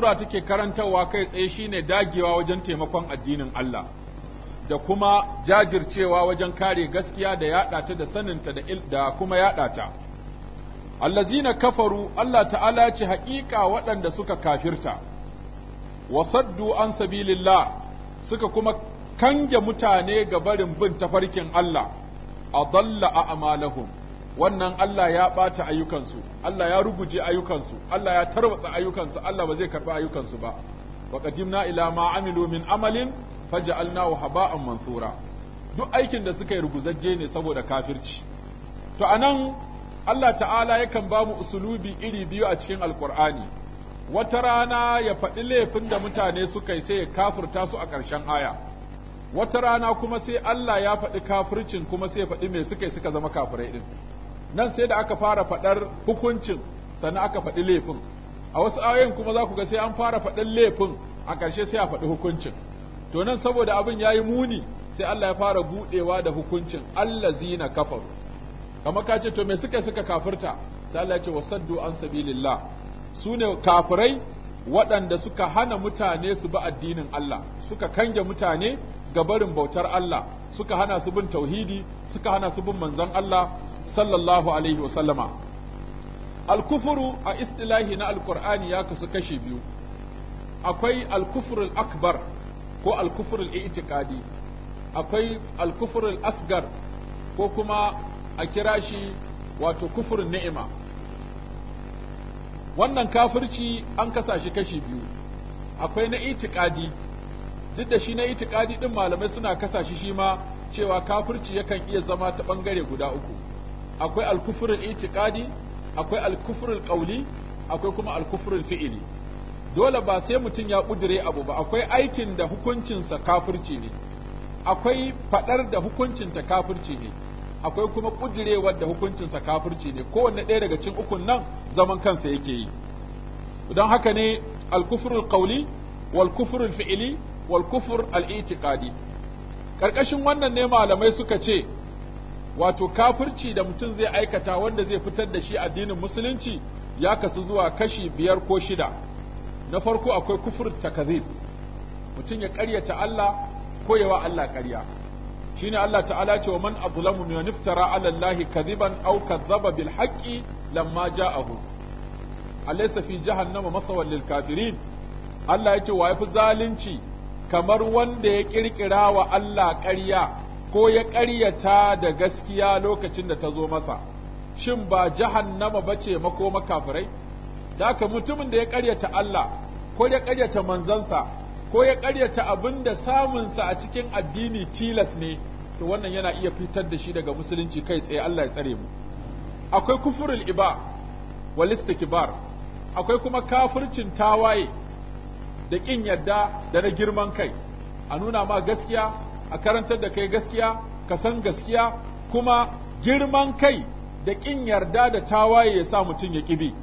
sura take karantarwa kai tsaye shine dagewa wajen taimakon addinin Allah da kuma jajircewa wajen kare gaskiya da yada ta da saninta da, da kuma yaɗa ta. Allazina kafaru Allah ta'ala ce haƙiƙa waɗanda suka kafirta, wasaddu an sabilillah suka kuma kange mutane ga barin bin tafarkin Allah, a amalahum, wannan Allah ya ɓata ayyukansu, Allah ya ruguje ayyukansu Allah ya tarwatsa ayyukansu Allah ba zai karɓi ayyukansu ba wa qadimna ila ma amilu min amalin faj'alnahu haba'an mansura duk aikin da suka yi ruguzajje ne saboda kafirci to anan Allah ta'ala yakan ba mu usulubi iri biyu a cikin alkur'ani wata rana ya faɗi laifin da mutane suka yi sai ya kafirta su a ƙarshen aya wata rana kuma sai Allah ya faɗi kafircin kuma sai ya faɗi me suka yi suka zama kafirai din nan sai da aka fara faɗar hukuncin sannan aka faɗi laifin a wasu ayoyin kuma za ku ga sai an fara faɗin laifin a ƙarshe sai a faɗi hukuncin to nan saboda abin ya yi muni sai Allah ya fara buɗewa da hukuncin Allah zina kafaru kamar ka ce to me suka suka kafirta sai Allah ya ce wasaddu an sabilillah su ne kafirai waɗanda suka hana mutane su bi addinin Allah suka kange mutane ga barin bautar Allah suka hana su bin tauhidi suka hana su bin manzon Allah sallallahu alaihi wasallama alkufuru a istilahi na alkur'ani ya kasu kashe biyu akwai alkufurul akbar ko alkufurul i'tiqadi akwai alkufurul asgar ko kuma a kira shi wato kufurin ni'ima wannan kafirci an kasa shi kashi biyu akwai na itikadi duk da shi na itikadi din malamai suna kasa shi shi ma cewa kafirci yakan iya zama ta bangare guda uku akwai alkufurin itiqadi akwai alkufrul kauli akwai kuma alkufrul fi'ili dole ba sai mutum ya kudure abu ba akwai aikin da hukuncinsa kafirci ne akwai faɗar da hukuncinta kafirci ne akwai kuma kudirewar da hukuncinsa kafirci ne kowanne ɗaya daga cikin ukun nan zaman kansa yake yi don haka ne alkufrul kauli wal fi'ili wal kufur al wannan ne malamai suka ce wato kafirci da mutum zai aikata wanda zai fitar da shi addinin musulunci ya kasu zuwa kashi biyar ko shida na farko akwai kufur takazib mutum ya karyata Allah ko yawa Allah karya shine Allah ta'ala ce wa man azlamu mimman iftara 'ala Allahi kadhiban aw kadhaba bil haqqi lamma ja'ahu alaysa fi jahannama masawal lil kafirin Allah ce wa yafi zalunci kamar wanda ya ƙirƙira wa Allah ƙarya ko ya ƙaryata da gaskiya lokacin da ta zo masa shin ba nama ba ce mako makafirai da aka mutumin da ya ƙaryata Allah ko ya ƙaryata manzansa ko ya ƙaryata abin da samunsa a cikin addini tilas ne to wannan yana iya fitar da shi daga musulunci kai tsaye Allah ya tsare mu akwai kufurul iba wal istikbar akwai kuma kafircin tawaye da kin yadda da na girman kai a nuna ma gaskiya a karantar da kai gaskiya ka san gaskiya kuma girman kai da ƙin yarda da tawaye ya sa mutum ya ƙibi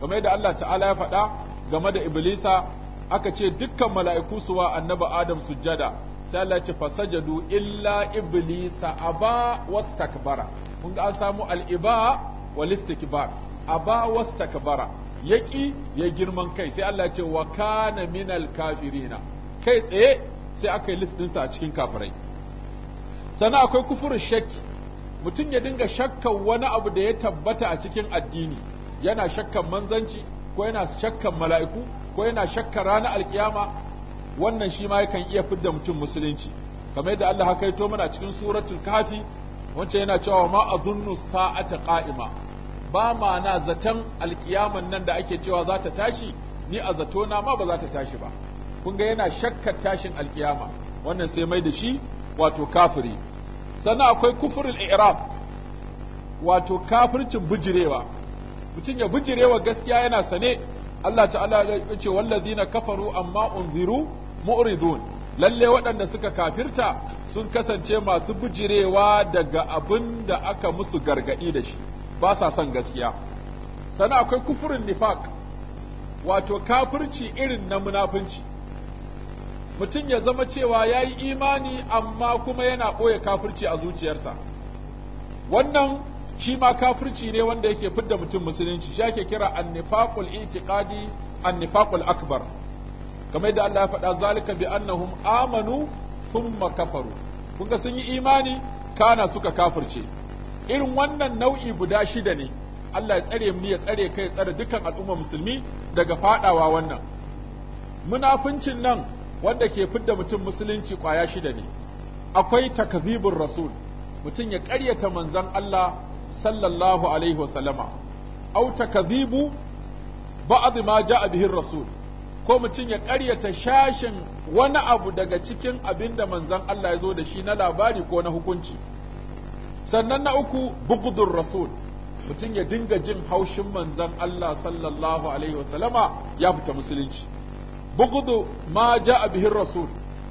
game da Allah ta'ala ya faɗa game da Iblisa aka ce dukkan mala'iku suwa Annabi Adam sujjada sai Allah ce fasajadu illa Iblisa aba wastakbara mun ga an samu al'iba wal istikbar aba wastakbara yaki ya girman kai sai Allah ce wa kana minal kafirina kai tsaye sai aka yi listinsa a cikin kafirai sannan akwai kufurin shakki mutum ya dinga shakkan wani abu da ya tabbata a cikin addini yana shakkan manzanci ko yana shakkan mala'iku ko yana shakkan ranar alkiyama wannan shi ma yakan iya fidda mutum musulunci kamar yadda Allah haka yato mana cikin suratul kafi wancan yana cewa ma azunnu sa'ata qa'ima ba ma na zaton alkiyaman nan da ake cewa za ta tashi ni a zato na ma ba za ta tashi ba kun ga yana shakkar tashin alkiyama wannan sai mai da shi wato kafiri sannan akwai kufurin i'rab wato kafircin bujirewa mutum ya bujirewa gaskiya yana sane Allah ta'ala ya ce wallazina kafaru amma unziru mu'ridun lalle waɗanda suka kafirta sun kasance masu bujirewa daga abin da aka musu gargaɗi da shi ba sa son gaskiya sannan akwai kufurin Nifak wato kafirci irin na munafunci mutum ya zama cewa ya yi imani amma kuma yana ɓoye kafirci a zuciyarsa wannan shi ma kafirci ne wanda yake fidda mutum musulunci shi ake kira annifaqul itiqadi annifaqul akbar kamar da Allah ya faɗa zalika bi annahum amanu thumma kafaru kun ga sun yi imani kana suka kafirce irin wannan nau'i guda shida ne Allah ya tsare mu ya tsare kai tsare dukkan al'umma musulmi daga fadawa wannan munafincin nan wanda ke fidda mutum musulunci kwaya shida ne akwai takzibur rasul mutum ya ƙaryata manzon Allah sallallahu alaihi wasallama au takzibu ba'd ma ja'a bihi rasul ko mutum ya ƙaryata shashin wani abu daga cikin abinda da manzon Allah ya zo da shi na labari ko na hukunci sannan na uku bugudur rasul mutum ya dinga jin haushin manzon Allah sallallahu alaihi wasallama ya fita musulunci bugudu ma a bihin rasul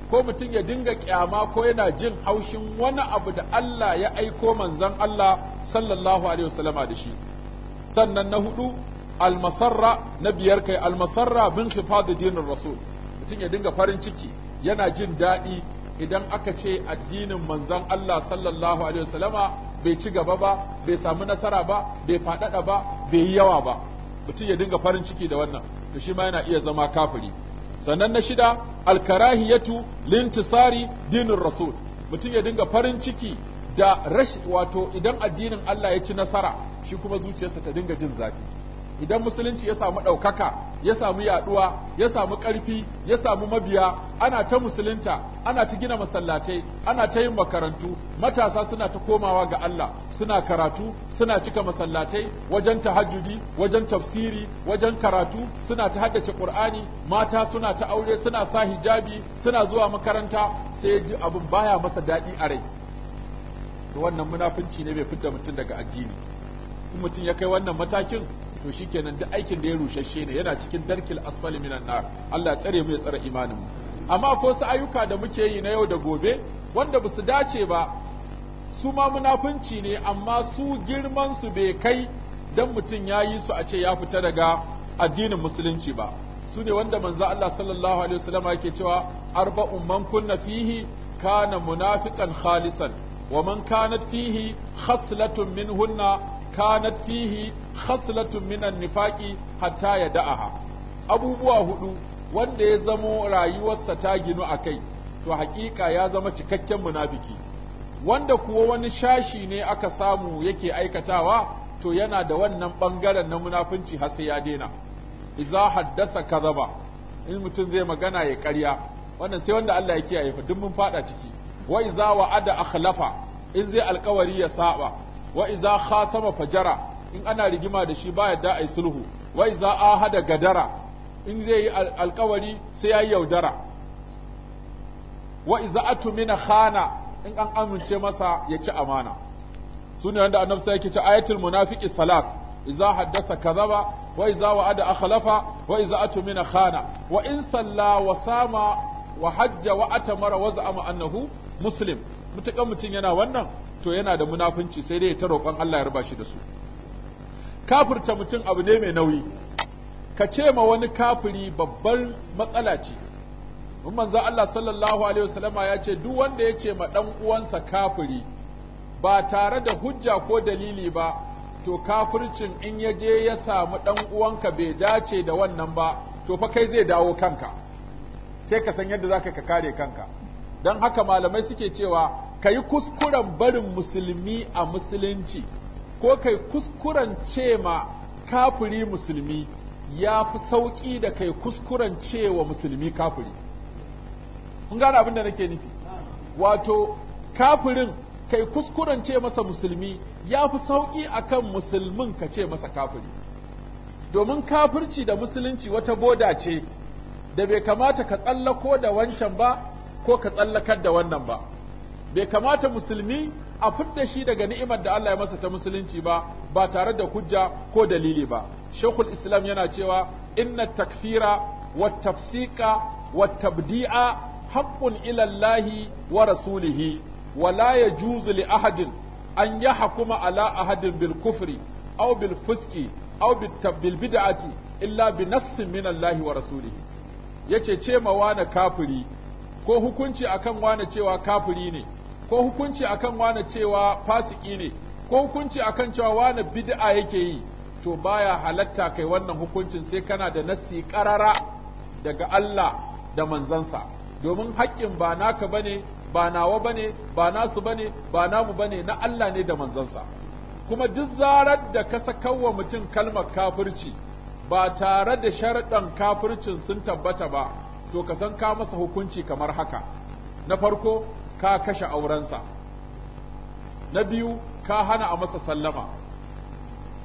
ko mutum ya dinga kyama ko yana jin haushin wani abu da Allah ya aiko manzan Allah sallallahu alaihi wasallama da shi sannan na hudu almasarra na biyar kai almasarra bin hifadu dinin rasul mutum ya dinga farin ciki yana jin daɗi idan aka ce addinin manzan Allah sallallahu alaihi wasallama bai ci gaba ba bai samu nasara ba bai faɗaɗa ba bai yi yawa ba mutum ya dinga farin ciki da wannan to shi ma yana iya zama kafiri sannan na shida alkarahiyatu lintisari dinin rasul mutum ya dinga farin ciki da rashi wato idan addinin Allah ya ci nasara shi kuma zuciyarsa ta dinga jin zafi idan musulunci ya samu ɗaukaka ya samu yaɗuwa ya samu ƙarfi ya samu mabiya ana ta musulunta ana ta gina masallatai ana ta yin makarantu matasa suna ta komawa ga Allah suna karatu suna cika masallatai wajen tahajjudi wajen tafsiri wajen karatu suna ta haddace Qur'ani mata suna ta aure suna sa hijabi suna zuwa makaranta sai ji abin baya masa daɗi a rai wannan munafunci ne bai fidda mutum daga addini in mutum ya kai wannan matakin to shikenan duk aikin da ya shi ne yana cikin darkil asfali minan nar Allah ya tsare mu ya tsare imanin mu amma ko su ayyuka da muke yi na yau da gobe wanda ba su dace ba su ma munafunci ne amma su girman su bai kai dan mutum ya yi su a ce ya fita daga addinin musulunci ba su ne wanda manzo Allah sallallahu alaihi wasallam yake cewa arba'un man kunna fihi kana munafiqan khalisan wa man kanat fihi khaslatun minhunna kanat fihi khaslatun minan nifaqi hatta ya da'aha abubuwa hudu wanda ya zamo rayuwarsa ta ginu a kai to haƙiƙa ya zama cikakken munafiki wanda kuwa wani shashi ne aka samu yake aikatawa to yana da wannan ɓangaren na munafunci har sai ya daina idza haddasa kadaba in mutum zai magana ya ƙarya wannan sai wanda Allah ya kiyaye fa duk mun fada ciki wa idza wa'ada akhlafa in zai alkawari ya saba wa iza khasama fajara in ana rigima da shi ba a ai sulhu wa iza ahada gadara in zai yi alkawari sai ya yaudara wa iza atumina khana in an amince masa ya ci amana sune wanda annabi sai yake ce ayatul munafiqi salas إذا حدث كذب وإذا وعد أخلف وإذا أتمن خان وإن hajja وصام وحج وأتمر وزعم annahu muslim mutukan mutum yana wannan to yana da munafunci sai dai ta roƙon Allah ya raba shi da su kafirta mutum abu ne mai nauyi ka ce ma wani kafiri babbar matsala ce in manzo Allah sallallahu alaihi wasallama ya ce duk wanda ya ce ma dan uwansa kafiri ba tare da hujja ko dalili ba to kafircin in ya je ya samu dan uwanka bai dace da wannan ba to fa kai zai dawo kanka sai ka san yadda zaka ka kare kanka dan haka malamai suke cewa ka yi kuskuren barin musulmi a musulunci ko kai kuskuren ce ma kafiri musulmi ya fi sauƙi da kai kuskuren ce musulmi kafiri kun gane abin da nake nufi wato kafirin kai kuskuren ce masa musulmi ya fi sauƙi a kan musulmin ka ce masa kafiri domin kafirci da musulunci wata boda ce da bai kamata ka tsallako da wancan ba ko ka tsallakar da wannan ba bai kamata musulmi a fidda shi daga ni'imar da Allah ya masa ta musulunci ba ba tare da hujja ko dalili ba shekul islam yana cewa inna takfira wa tafsika wa tabdi'a haqqun ila Allah wa rasulihi wa la yajuzu li ahadin an yahkuma ala ahadin bil kufri aw bil fuski aw bil bid'ati illa bi nassin min Allah wa rasulihi yace ce ma wani kafiri ko hukunci akan wani cewa kafiri ne ko hukunci akan wane cewa fasiki ne ko hukunci akan cewa wane bid'a yake yi to baya halatta kai wannan hukuncin sai kana da nassi karara daga Allah da manzansa domin haƙƙin ba naka bane ba nawa bane ba nasu bane ba namu bane na Allah ne da manzansa kuma duk zarar da ka sakawa mutum kalmar kafirci ba tare da sharaɗan kafircin sun tabbata ba to ka san ka masa hukunci kamar haka na farko ka kashe aurensa na biyu ka hana a masa sallama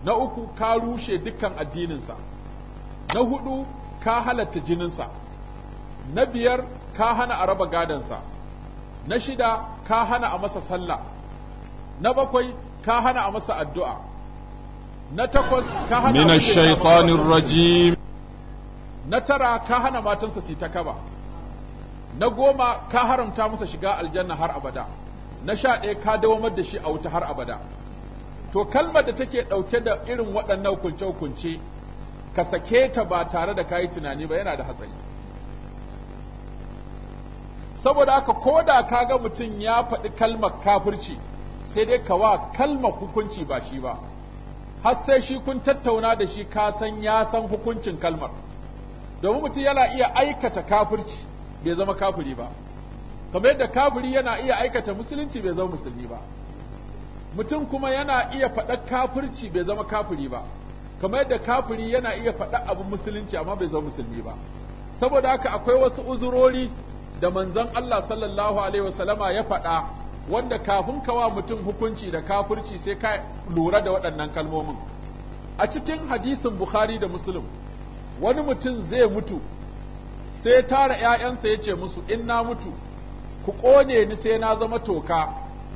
na uku ka rushe dukkan addininsa na hudu ka halatta jininsa na biyar ka hana a raba gadansa na shida ka hana a masa sallah na bakwai ka hana a masa addu'a na takwas ka hana min ash rajim na tara ka hana matansa su ta kaba na goma ka haramta masa shiga aljanna har abada na sha ɗaya ka dawamar da shi a wuta har abada to kalmar da take ɗauke da irin waɗannan hukunce-hukunce ka sake ta ba tare da kayi tunani ba yana da hatsari saboda haka ko da ka ga mutum ya faɗi kalmar kafirci sai dai ka wa kalmar hukunci ba shi ba har sai shi kun tattauna da shi ka san ya san hukuncin kalmar domin mutum yana iya aikata kafirci bai zama kafiri ba kamar yadda kafiri yana iya aikata musulunci bai zama musulmi ba mutum kuma yana iya faɗa kafirci bai zama kafiri ba kamar yadda kafiri yana iya faɗa abin musulunci amma bai zama musulmi ba saboda haka akwai wasu uzurori da manzon Allah sallallahu alaihi wasallama ya faɗa wanda kafin ka wa mutum hukunci da kafirci sai ka lura da waɗannan kalmomin a cikin hadisin Bukhari da Muslim wani mutum zai mutu sai ya tara ‘ya'yansa ya ce musu in na mutu ku ƙone ni sai na zama toka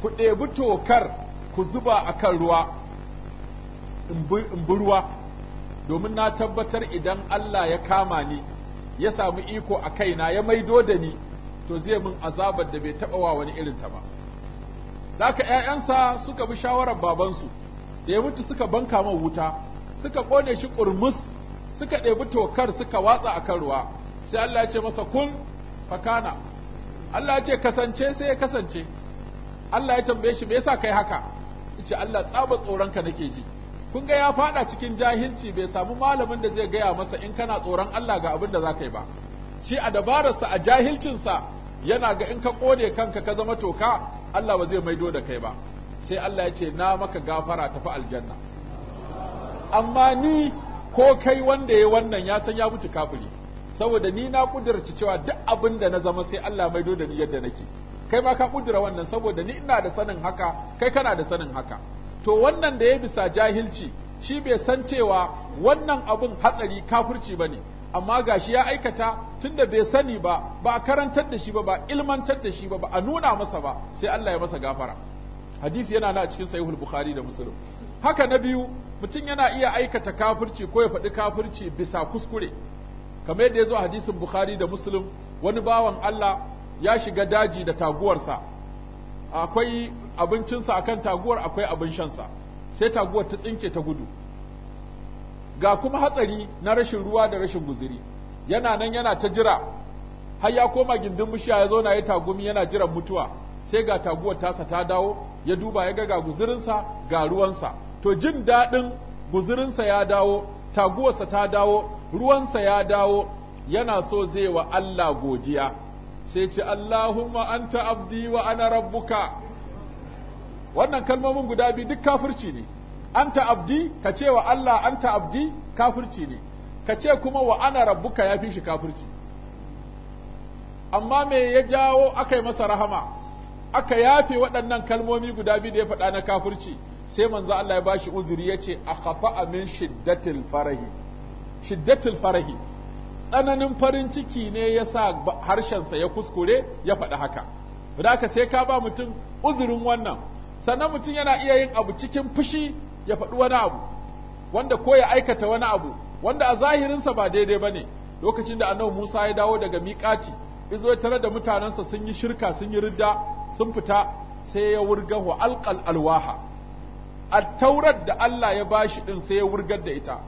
ku ɗebi tokar ku zuba a kan ruwa in bi ruwa domin na tabbatar idan Allah ya kama ni ya samu iko a kaina ya maido da ni to zai min azabar da bai taɓa wa wani irinta ba Za ka ‘ya'yansa suka bi shawarar babansu da ya mutu suka banka man wuta suka ƙone shi ƙurmus suka ɗebi tokar suka watsa a kan ruwa sai Allah ya ce masa kun fakana Allah ya ce kasance sai ya kasance Allah ya tambaye shi me yasa kai haka yace Allah tsaba tsoron ka nake ji kun ga ya fada cikin jahilci bai samu malamin da zai gaya masa in kana tsoron Allah ga abin da za ka yi ba shi a dabararsa a jahilcinsa yana ga in ka kone kanka ka zama toka Allah ba zai maido da kai ba sai Allah ya ce na maka gafara tafi aljanna amma ni ko kai wanda ya wannan ya san ya mutu kafiri saboda ni na kudirci cewa duk abin da na zama sai Allah maido da ni yadda nake kai ma ka kudura wannan saboda ni ina da sanin haka kai kana da sanin haka to wannan da ya bisa jahilci shi bai san cewa wannan abin hatsari kafirci bane amma gashi ya aikata tunda bai sani ba ba a karantar da shi ba ba ilmantar da shi ba ba a nuna masa ba sai Allah ya masa gafara hadisi yana na cikin sahihul bukhari da muslim haka na biyu mutum yana iya aikata kafirci ko ya faɗi kafirci bisa kuskure kamar yadda ya zo hadisin bukhari da muslim wani bawan allah ya shiga daji da taguwarsa akwai abincinsa akan taguwar akwai abin shansa sai taguwar ta tsinke ta gudu ga kuma hatsari na rashin ruwa da rashin guziri yana nan yana ta jira har ya koma gindin bishiya ya zauna ya tagumi yana jiran mutuwa sai ga taguwar tasa ta dawo ya duba ya ga ga guzirinsa ga ruwansa to jin daɗin guzirinsa ya dawo taguwarsa ta dawo ruwansa ya dawo yana so zai wa Allah godiya sai ce Allahumma anta abdi wa ana rabbuka wannan kalmomin guda biyu duk kafirci ne anta abdi ka ce wa Allah anta abdi kafirci ne ka ce kuma wa ana rabbuka ya fi shi kafirci amma me ya jawo aka yi masa rahama aka yafe waɗannan kalmomi guda biyu da ya faɗa na kafirci sai manzo Allah ya bashi uzuri yace akhafa min shiddatil farahi shiddatil farahi tsananin farin ciki ne yasa harshensa ya kuskure ya faɗi haka haka sai ka ba mutum uzurin wannan sannan mutum yana iya yin abu cikin fushi ya faɗi wani abu wanda ko ya aikata wani abu wanda a zahirinsa ba daidai ba ne. lokacin da annabi Musa ya dawo daga miƙati izo tare da mutanensa sun yi shirka sun yi ridda sun fita sai ya wurga wa alqal alwaha at-taurat da Allah ya bashi din sai ya wurgar da ita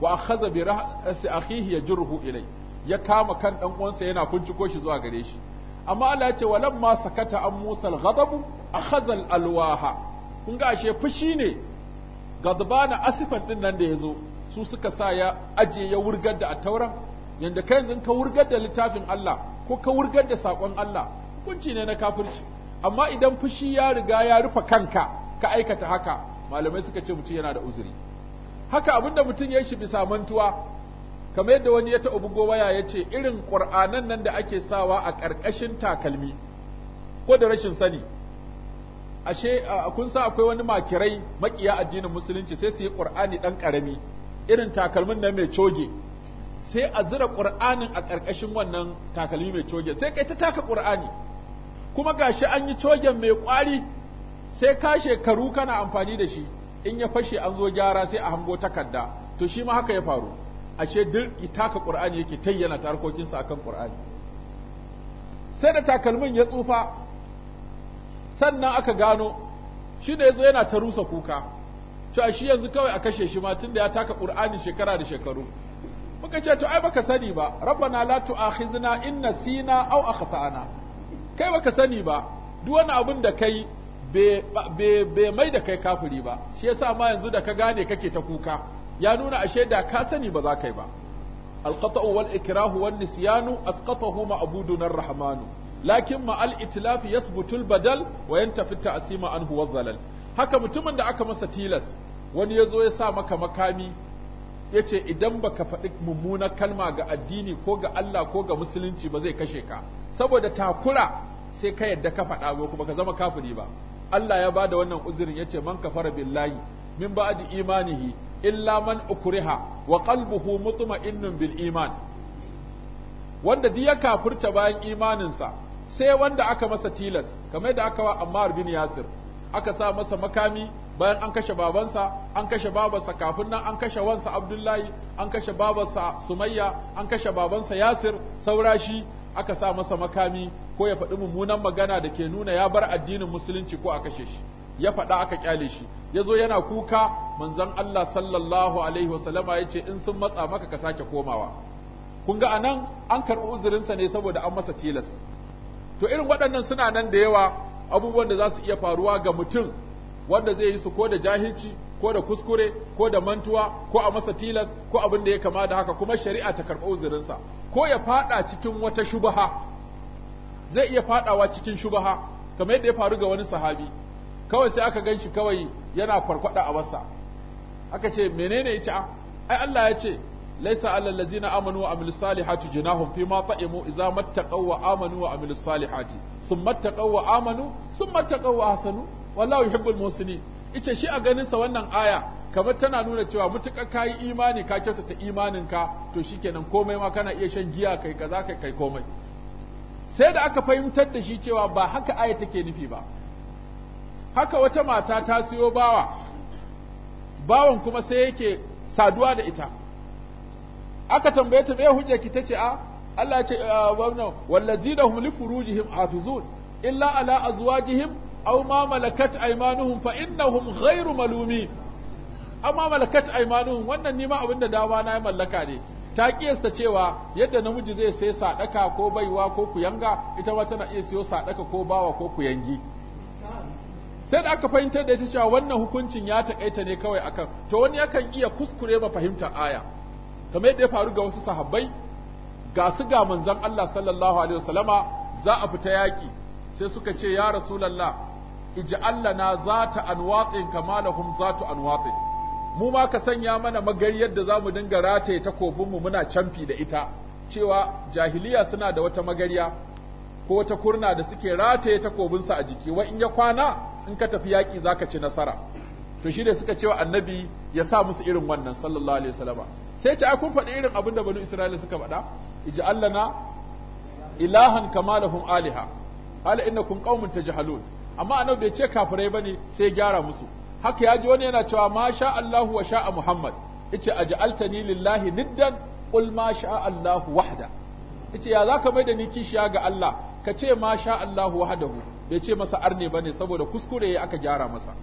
wa akhadha bi ra'si akhihi yajruhu ilai ya kama kan dan uwansa yana kunciko shi zuwa gare shi amma Allah ya ce walamma sakata an musal ghadab akhadha alwaha kun ga ashe fushi ne gadbana asifan din nan da yazo su suka sa ya aje ya wurgar da attauran yanda kai yanzu ka wurgar da littafin Allah ko ka wurgar da sakon Allah hukunci ne na kafirci amma idan fushi ya riga ya rufe kanka ka aikata haka malamai suka ce mutum yana da uzuri haka abin da mutum ya shi bisa mantuwa kamar yadda wani ya taɓa bugo waya ya ce irin ƙur'anan nan da ake sawa a ƙarƙashin takalmi ko da rashin sani ashe kun sa akwai wani makirai makiya addinin musulunci sai su yi ƙur'ani ɗan ƙarami irin takalmin na mai coge sai a zira ƙur'anin a ƙarƙashin wannan takalmi mai coge sai kai ta taka ƙur'ani kuma ga shi an yi cogen mai ƙwari sai ka shekaru kana amfani da shi in ya fashe an zo gyara sai a hango takarda to shi ma haka ya faru ashe duk taka qur'ani yake tayyana ta harkokinsa akan qur'ani sai da takalmin ya tsufa sannan aka gano shi da yazo yana ta rusa kuka to a shi yanzu kawai a kashe shi ma tunda ya taka ƙur'ani shekara da shekaru muka ce to ai baka sani ba rabbana la tu'akhizna in nasina aw akhtana kai baka sani ba duk wani abin da kai bai mai da kai kafiri ba shi yasa ma yanzu da ka gane kake ta kuka ya nuna ashe da ka sani ba za kai ba alqata'u wal ikrahu wan nisyanu asqatahu ma'budun ar-rahmanu lakin ma al-itlaf yasbutu al-badal wa yantafi ta'sima anhu wadh-dhalal haka mutumin da aka masa tilas wani yazo ya sa maka makami yace idan baka faɗi mummunar kalma ga addini ko ga Allah ko ga musulunci ba zai kashe ka saboda takura sai ka yadda ka faɗa go kuma ka zama kafiri ba Allah ya bada wannan uzurin yace man kafara billahi min ba'di imanihi illa man ukriha wa qalbuhu mutma'innun bil iman wanda duk ya kafurta bayan imaninsa sai wanda aka masa tilas kamar da aka wa Ammar bin Yasir aka sa masa makami bayan an kashe babansa an kashe babarsa kafin nan an kashe wansa abdullahi an kashe babarsa sumayya an kashe babansa yasir saura shi aka sa masa makami ko ya faɗi mummunan magana da ke nuna ya bar addinin musulunci ko a kashe shi ya faɗa aka kyale shi ya zo yana kuka manzon Allah sallallahu alaihi wasallama ya ce in sun matsa maka ka sake komawa kun ga anan an karɓi uzurinsa ne saboda an masa tilas to irin waɗannan suna nan da yawa abubuwan da za su iya faruwa ga mutum wanda zai yi su ko da jahilci ko da kuskure ko da mantuwa ko a masa tilas ko abin da ya kama da haka kuma shari'a ta karɓi uzurinsa ko ya faɗa cikin wata shubaha zai iya faɗawa cikin shubaha kamar yadda ya faru ga wani sahabi kawai sai aka ganshi kawai yana kwarkwada a wasa aka ce menene yace a ah, ai Allah ya ce laisa alal ladzina amanu wa amilus salihati junahum fi ma ta'imu idza mattaqaw wa amanu wa amilus salihati summa taqaw wa amanu summa taqaw wa ahsanu wallahu yuhibbul muhsinin ice shi a ganinsa wannan aya kamar tana nuna cewa mutuƙa ka yi imani ka kyautata imaninka to shikenan komai ma kana iya shan giya kai kaza kai kai komai sai da aka fahimtar da shi cewa ba haka aya take nufi ba haka wata mata ta siyo bawa bawan kuma sai yake saduwa da ita aka tambaye ta me hujja ki tace a Allah ya ce ah, wannan wallazina hum li furujihim hafizun illa ala azwajihim aw ma malakat aymanuhum fa innahum ghairu malumi amma ma malakat aymanuhum wannan nima abinda dama na mallaka ne ta kiyasta cewa yadda namiji zai sai sadaka ko baiwa ko kuyanga ita ma tana iya siyo sadaka ko bawa ko kuyangi sai da aka fahimtar da ita cewa wannan hukuncin ya takaita ne kawai akan to wani yakan iya kuskure ma fahimtar aya kamar yadda ya faru ga wasu sahabbai ga su ga manzon Allah sallallahu alaihi wasallama za a fita yaki sai suka ce ya rasulullah ij'alna zata anwaqin kama lahum zatu anwaqin mu ma ka sanya mana magariyar da zamu dinga rataye takobin mu muna camfi da ita cewa jahiliya suna da wata magariya ko wata kurna da suke rataye takobinsa a jiki wa in ya kwana in ka tafi yaki zaka ci nasara to shi ne suka cewa annabi ya sa musu irin wannan sallallahu alaihi wasallam sai ce ai kun faɗi irin abin da banu isra'ila suka faɗa ij'alna ilahan kama lahum aliha qala innakum qaumun tajhalun amma annabi bai ce kafirai bane sai gyara musu haka ya ji wani yana cewa ma sha Allahu wa sha'a Muhammad yace aj'altani lillahi niddan qul ma sha Allahu wahda yace ya zaka mai da ni kishiya ga Allah ka ce ma sha Allahu wahdahu bai ce masa arne bane saboda kuskure ya aka gyara masa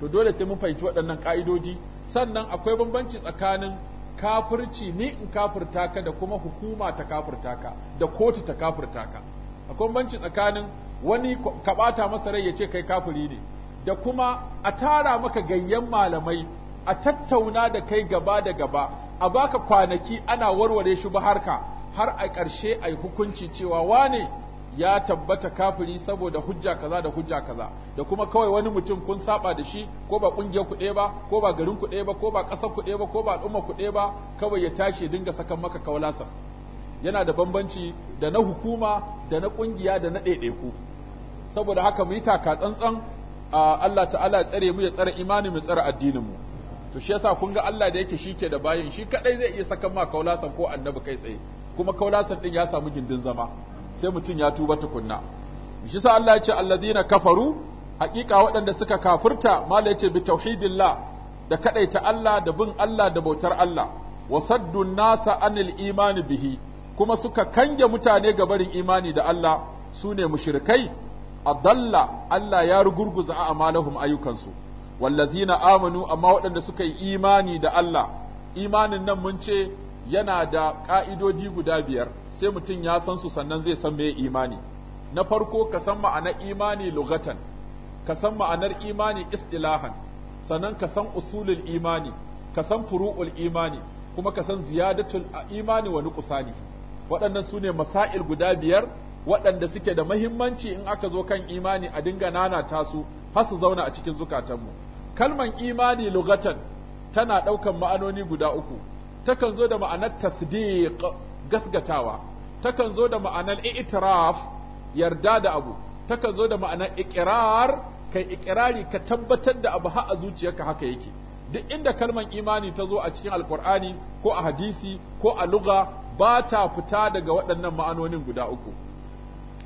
to dole sai mun fahimci waɗannan ka'idoji sannan akwai bambanci tsakanin kafirci ni in kafirta ka da kuma hukuma ta kafirta ka da kotu ta kafirta ka akwai bambanci tsakanin wani ka ɓata masa rai ya ce kai kafiri ne da kuma a tara maka gayyan malamai a tattauna da kai gaba da gaba a baka kwanaki ana warware shi ba harka har a ƙarshe a hukunci cewa wane ya tabbata kafiri saboda hujja kaza da hujja kaza da kuma kawai wani mutum kun saba da shi ko ba kungiyar ku ba ko ba garin ku ba ko ba ƙasar ku ba ko ba al'umma ku ba kawai ya tashi dinga sakan maka kawalasa yana da bambanci da na hukuma da na kungiya da na ɗaiɗaiku saboda haka mu yi taka tsantsan Allah ta'ala ya tsare mu ya tsare imani mu tsare addinin mu to shi yasa kun ga Allah da yake shike da bayin shi kadai zai iya sakan ma kaulasan ko annabi kai tsaye kuma kaulasan din ya samu gindin zama sai mutum ya tuba tukunna shi yasa Allah ya ce allazina kafaru haqiqa waɗanda suka kafurta mala ya ce bi tauhidillah da ta Allah da bin Allah da bautar Allah wa saddu nasa anil imani bihi kuma suka kange mutane ga barin imani da Allah su ne mushrikai adalla Allah ya rugurguza a amalahum ayyukansu wallazina amanu amma waɗanda suka yi imani da Allah imanin nan mun ce yana da ƙa'idodi guda biyar sai mutum ya san su sannan zai san me imani na farko ka san ma'anar imani lugatan ka san ma'anar imani istilahan sannan ka san usulul imani ka san furu'ul imani kuma ka san ziyadatul imani wa nuqsani waɗannan su ne masail guda biyar waɗanda suke da mahimmanci in aka zo kan imani a dinga ta su har su zauna a cikin zukatanmu kalman imani lugatan tana ɗaukan ma'anoni guda uku takan zo da ma'anar tasdiq gasgatawa takan zo da ma'anar i'tiraf yarda da abu takan zo da ma'anar iqrar kai iqrari ka tabbatar da abu har a zuciyarka haka yake duk inda kalman imani ta zo a cikin alkur'ani ko a hadisi ko a lugha ba ta fita daga waɗannan ma'anonin guda uku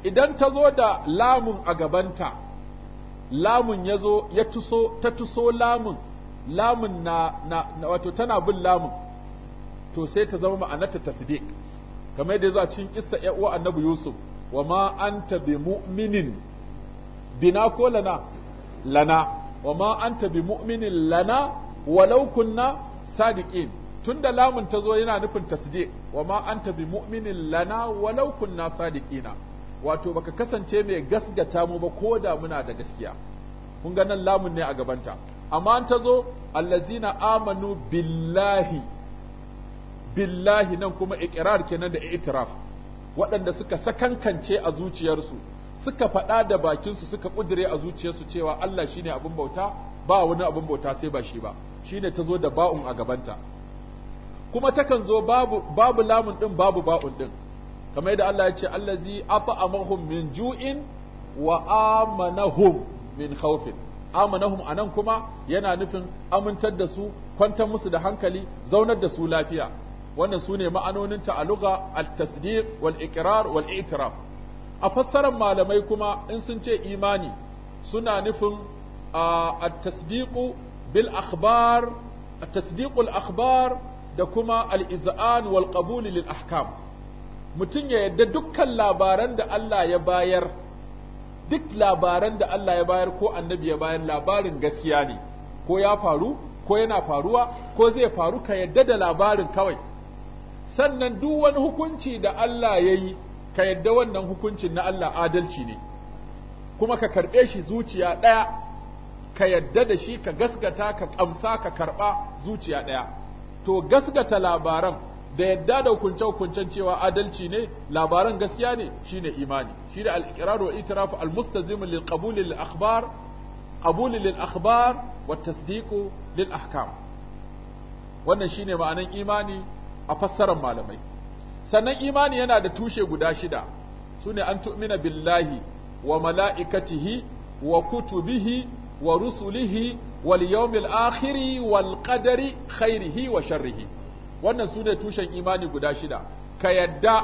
idan ta zo da lamun a gabanta lamun ya zo ya tuso ta tuso lamun lamun na, na, na wato tana bin lamun to sai ta zama ma'anarta tasdiq kamar yadda ya zo a cikin kissa ya uwa annabi yusuf wa ma anta bi mu'minin bina ko lana lana wa ma anta bi mu'minin lana walau kunna sadiqin tunda lamun ta zo yana nufin tasdiq wa ma anta bi mu'minin lana walau kunna sadiqina wato baka kasance mai gasgata mu ba ko da muna da gaskiya kun ga nan lamun ne a gabanta amma an ta allazina amanu billahi billahi nan kuma iqrar kenan da i'tiraf waɗanda suka sakankance a zuciyarsu suka faɗa da bakinsu suka ƙudire a zuciyarsu cewa Allah shine abin bauta ba wani abin bauta sai ba shi ba shine ta da ba'un a gabanta kuma takan zo babu babu lamun din babu ba'un din kamar yadda Allah ya ce allazi at'amahum min ju'in wa amanahum min khawfin amanahum anan kuma yana nufin amintar da su kwantar musu da hankali zaunar da su lafiya wannan sune ma'anonin ta al at-tasdiq wal iqrar wal i'tiraf a fassarar malamai kuma in sun ce imani suna nufin at-tasdiq bil akhbar at-tasdiq al da kuma al wal qabul lil ahkam mutum ya yadda dukkan labaran da Allah ya bayar duk labaran da Allah ya bayar ko annabi ya bayar labarin gaskiya ne ko ya faru ko yana faruwa ko zai faru ka yadda da labarin kawai sannan duk wani hukunci da Allah ya yi ka yadda wannan hukuncin na Allah adalci ne kuma ka karɓe shi zuciya ɗaya ka yadda da shi ka gasgata ka ƙamsa ka karɓa zuciya ɗaya to gasgata labaran da yadda da hukunce-hukuncen cewa adalci ne labaran gaskiya ne shine imani shi da al wa itiraf al-mustazim lil qabul lil akhbar qabul lil akhbar wa tasdiq lil ahkam wannan shine ma'anan imani a fassarar malamai sannan imani yana da tushe guda shida sune an tu'mina billahi wa mala'ikatihi wa kutubihi wa rusulihi wal yawmil akhiri wal qadari khairihi wa sharrihi wannan su ne tushen imani guda shida ka yadda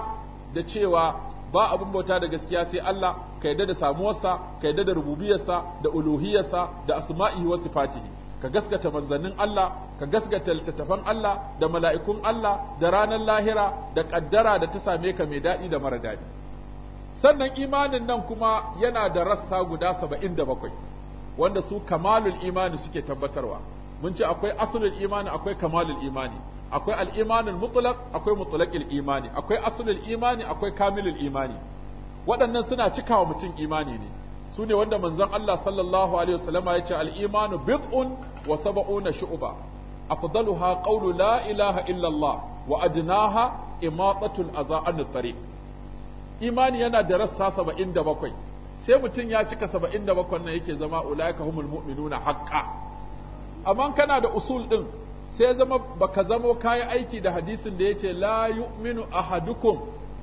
da cewa ba abin bauta da gaskiya sai Allah ka yadda da samuwarsa ka yadda da rububiyarsa da uluhiyarsa da asma'ihi wa sifatihi ka gaskata manzannin Allah ka gaskata littattafan Allah da mala'ikun Allah da ranar lahira da kaddara da ta same ka mai daɗi da mara daɗi sannan imanin nan kuma yana da rassa guda saba'in da bakwai wanda su kamalul imani suke tabbatarwa mun ce akwai asalul imani akwai kamalul imani akwai al'imanin mutlaq akwai mutlaqil imani akwai asulul imani akwai kamilil imani waɗannan suna cikawa mutum imani ne su ne wanda manzon Allah sallallahu alaihi wasallama ya ce al'imanu bid'un wa sab'una Shu'uba, afdaluha qawlu la ilaha Illallah, Allah wa adnaha aza an imani yana da rassa bakwai. sai mutum ya cika bakwai nan yake zama ulaika humul mu'minuna haqqan amma kana da usul din sai zama baka zamo kayi aiki da hadisin da ya ce la yu'minu ahadukum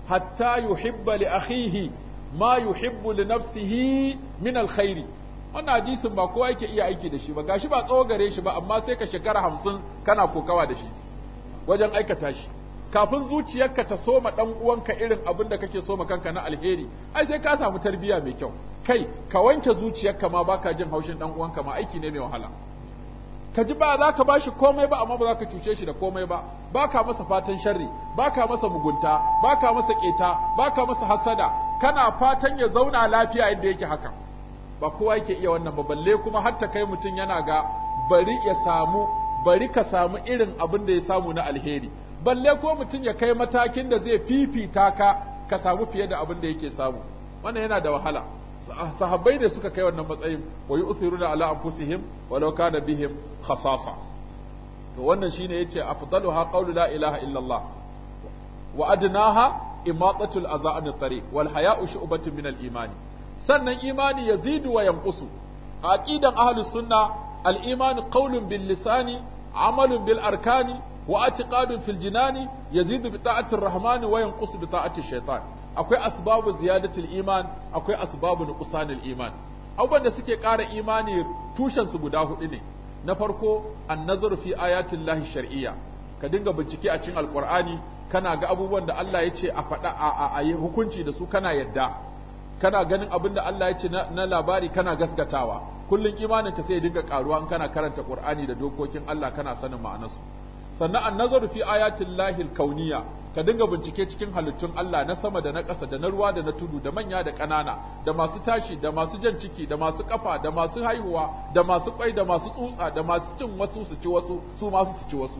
hatta yuhibba li akhihi ma yuhibbu li nafsihi min alkhairi wannan hadisin ba kowa yake iya aiki da shi ba gashi ba tsawo gare shi ba amma sai ka shekara hamsin kana kokawa da shi wajen aikata shi kafin zuciyarka ta soma dan uwanka irin abin da kake soma kanka na alheri ai sai ka samu tarbiya mai kyau kai ka wanke zuciyarka ma baka jin haushin dan uwanka ma aiki ne mai wahala ka ji ba za ka ba shi komai ba amma ba za ka cuce shi da komai ba ba ka masa fatan sharri ba ka masa mugunta ba ka masa keta ba ka masa hasada kana fatan ya zauna lafiya yadda yake haka ba kowa yake iya wannan ba balle kuma har ta kai mutum yana ga bari ya samu bari ka samu irin abin da ya samu na alheri balle ko mutum ya kai matakin da zai fifita ka ka samu fiye da abin da yake samu wannan yana da wahala sahabbai ne suka kai wannan matsayin wa da ala anfusihim walau da bihim khasasa to wannan shine yace afdaluha qawlu la ilaha illallah wa adnaha imatatul tare, an tariq wal haya'u shu'batun min al imani sannan imani yazidu wa yanqusu aqidan ahlus sunna al imani qawlun bil lisani amalun bil arkani wa i'tiqadun fil jinani yazidu bi ta'ati ar rahmani wa yanqusu bi ta'ati ash shaytan akwai asbabu ziyadatul iman akwai asbabu nuqsanul iman abubuwan da suke ƙara imani tushen su guda hudu ne na farko annazaru fi ayatin lahi shar'iyya ka dinga bincike a cikin alqur'ani kana ga abubuwan da Allah ya ce a faɗa a yi hukunci da su kana yadda kana ganin abin da Allah ya ce na labari kana gaskatawa kullum imaninka sai ya dinga karuwa in kana karanta qur'ani da dokokin Allah kana sanin ma'anarsu sannan an nazaru fi ayatin lahil kauniya ka dinga bincike cikin halittun Allah na sama da na ƙasa da na ruwa da na tudu da manya da ƙanana da masu tashi da masu jan ciki da masu ƙafa da masu haihuwa da masu ƙwai da masu tsutsa da masu cin wasu su ci wasu su masu su ci wasu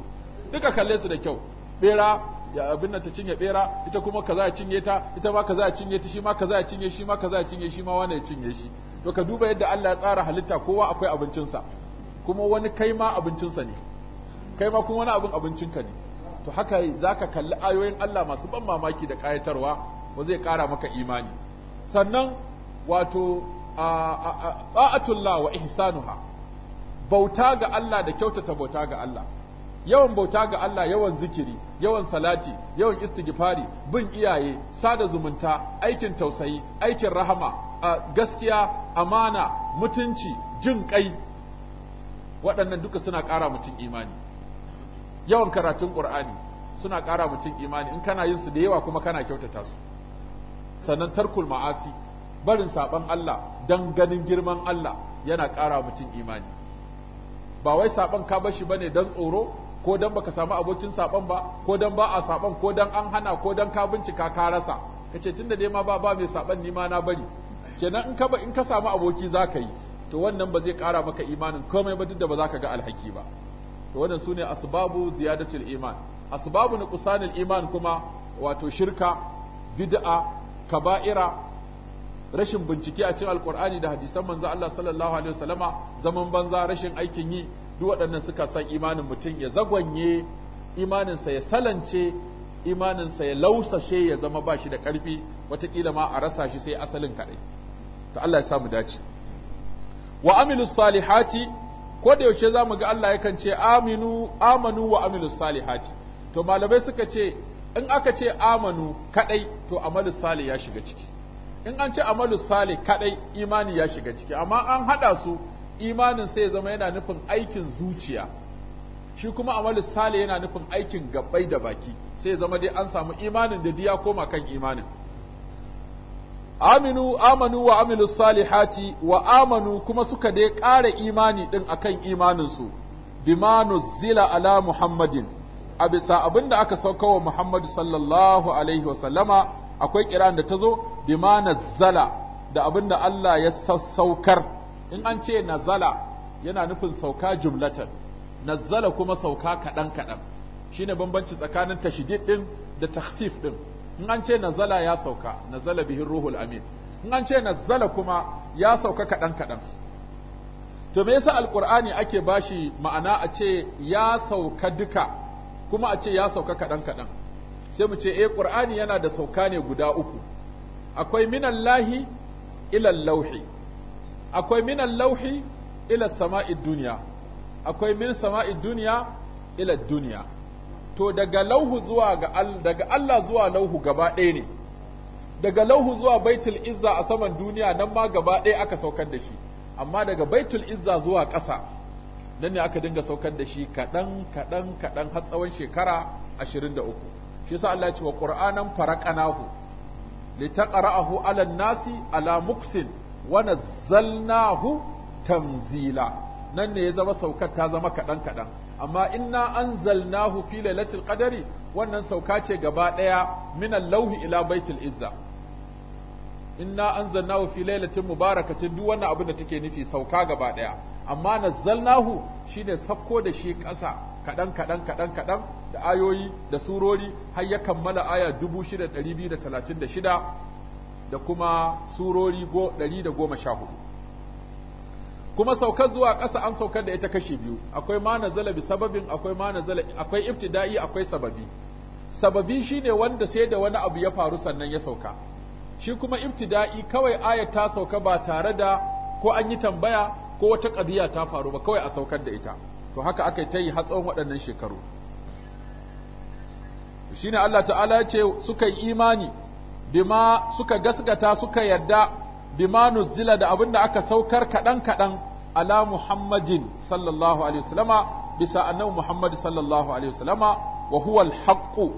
duka kalle su da kyau bera ya abin nan ta cinye bera ita kuma kaza ya cinye ta ita ma kaza ya cinye ta shi ma kaza ya cinye shi ma kaza ya cinye shi ma wani ya cinye shi to ka duba yadda Allah ya tsara halitta kowa akwai abincinsa kuma wani kai ma abincinsa ne kai ma kuma wani abin abincinka ne to haka za ka kalli ayoyin Allah masu ban mamaki da kayatarwa ba zai kara maka imani sannan wato ta'atullah wa ihsanuha bauta ga Allah da kyautata bauta ga Allah yawan bauta ga Allah yawan zikiri yawan salati yawan istighfari bin iyaye sada zumunta aikin tausayi aikin rahama gaskiya amana mutunci jin kai waɗannan duka suna ƙara mutum imani yawan karatun Kur'ani suna ƙara mutum imani in kana yin su da yawa kuma kana kyautata su sannan tarkul ma'asi barin saɓan Allah don ganin girman Allah yana ƙara mutum imani ba wai saɓan ka bashi bane don tsoro ko ba baka samu abokin saɓan ba ko don ba a saɓan, ko don an hana ko don ka bincika ka rasa kace tunda dai ma ba ba mai saɓan ni ma na bari kenan in ka in ka samu aboki za ka yi to wannan ba zai ƙara maka imanin komai ba duk da ba za ka ga alhaki ba to wannan ne asbabu ziyadatul iman asbabu kusanin iman kuma wato shirka bid'a kaba'ira rashin bincike a cikin alqur'ani da hadisan manzo Allah sallallahu alaihi wasallama zaman banza rashin aikin yi duk waɗannan suka san imanin mutum ya zagwanye imaninsa ya salance imaninsa ya lausashe ya zama ba shi da ƙarfi watakila ma a rasa shi sai asalin kaɗai to Allah ya samu dace wa Aminu salihati ko da yaushe za mu ga Allah yakan ce aminu amanu wa amilu salihati to malamai suka ce in aka ce amanu kadai to amalu salih ya shiga ciki in an ce amalu salih kadai imani ya shiga ciki amma an hada su imanin sai ya zama yana nufin aikin zuciya shi kuma amalu salih yana nufin aikin gabbai da baki sai ya zama dai an samu imanin da diya koma kan imanin aminu amanu wa Aminu salihati wa amanu kuma suka dai ƙara imani ɗin akan imaninsu bimanu zila ala muhammadin a bisa abin aka sauka wa muhammadu sallallahu alaihi wa sallama akwai kiran da ta zo bima nazzala da abin da Allah ya sassaukar in an ce nazala yana nufin sauka jumlatan nazzala kuma sauka kaɗan kaɗan shine bambanci tsakanin tashdid ɗin da takhfif din. in an ce nazala ya sauka nazala bihin ruhul amin in an ce nazala kuma ya sauka kaɗan kaɗan to me yasa alqur'ani ake bashi ma'ana a ce ya sauka duka kuma a ce ya sauka kaɗan kaɗan sai mu ce eh qur'ani yana da sauka ne guda uku akwai minallahi ila lauhi akwai minan lauhi ila sama'id duniya akwai min sama'id duniya ila duniya to daga lauhu zuwa ga daga Allah zuwa lauhu gaba ɗaya ne daga lauhu zuwa baitul izza a saman duniya nan ma gaba ɗaya aka saukar da shi amma daga baitul izza zuwa ƙasa nan ne aka dinga saukar da shi kaɗan kaɗan kaɗan har tsawon shekara ashirin da uku shi yasa Allah ya ce wa qur'anan faraqanahu litaqra'ahu 'ala nasi 'ala muksin wa nazzalnahu tanzila nan ne ya zama saukar ta zama kaɗan kaɗan amma inna anzalnahu fi lailatul qadari wannan sauka ce gaba daya min al-lawhi ila baitul izza inna anzalnahu fi lailatin mubarakatin duk wannan abin da take nufi sauka gaba daya amma nazzalnahu shine sakko da shi ƙasa kadan kadan kadan kadan da ayoyi da surori har ya kammala aya 6236 da kuma surori 114 kuma saukar zuwa ƙasa an saukar da ita kashi biyu akwai ma nazala bi sababin akwai ma nazala akwai ibtida'i akwai sababi sababi shine wanda sai da wani abu ya faru sannan ya sauka shi kuma ibtida'i kawai ayat ta sauka ba tare da ko an yi tambaya ko wata qadiya ta faru ba kawai a saukar da ita to haka aka ta yi har tsawon waɗannan shekaru shine Allah ta'ala ya ce suka yi imani bima suka gaskata suka yarda bima nuzila da abinda aka saukar kaɗan kaɗan ala muhammadin sallallahu alaihi wasallama bisa annabi muhammad sallallahu alaihi wasallama wa huwa alhaqqu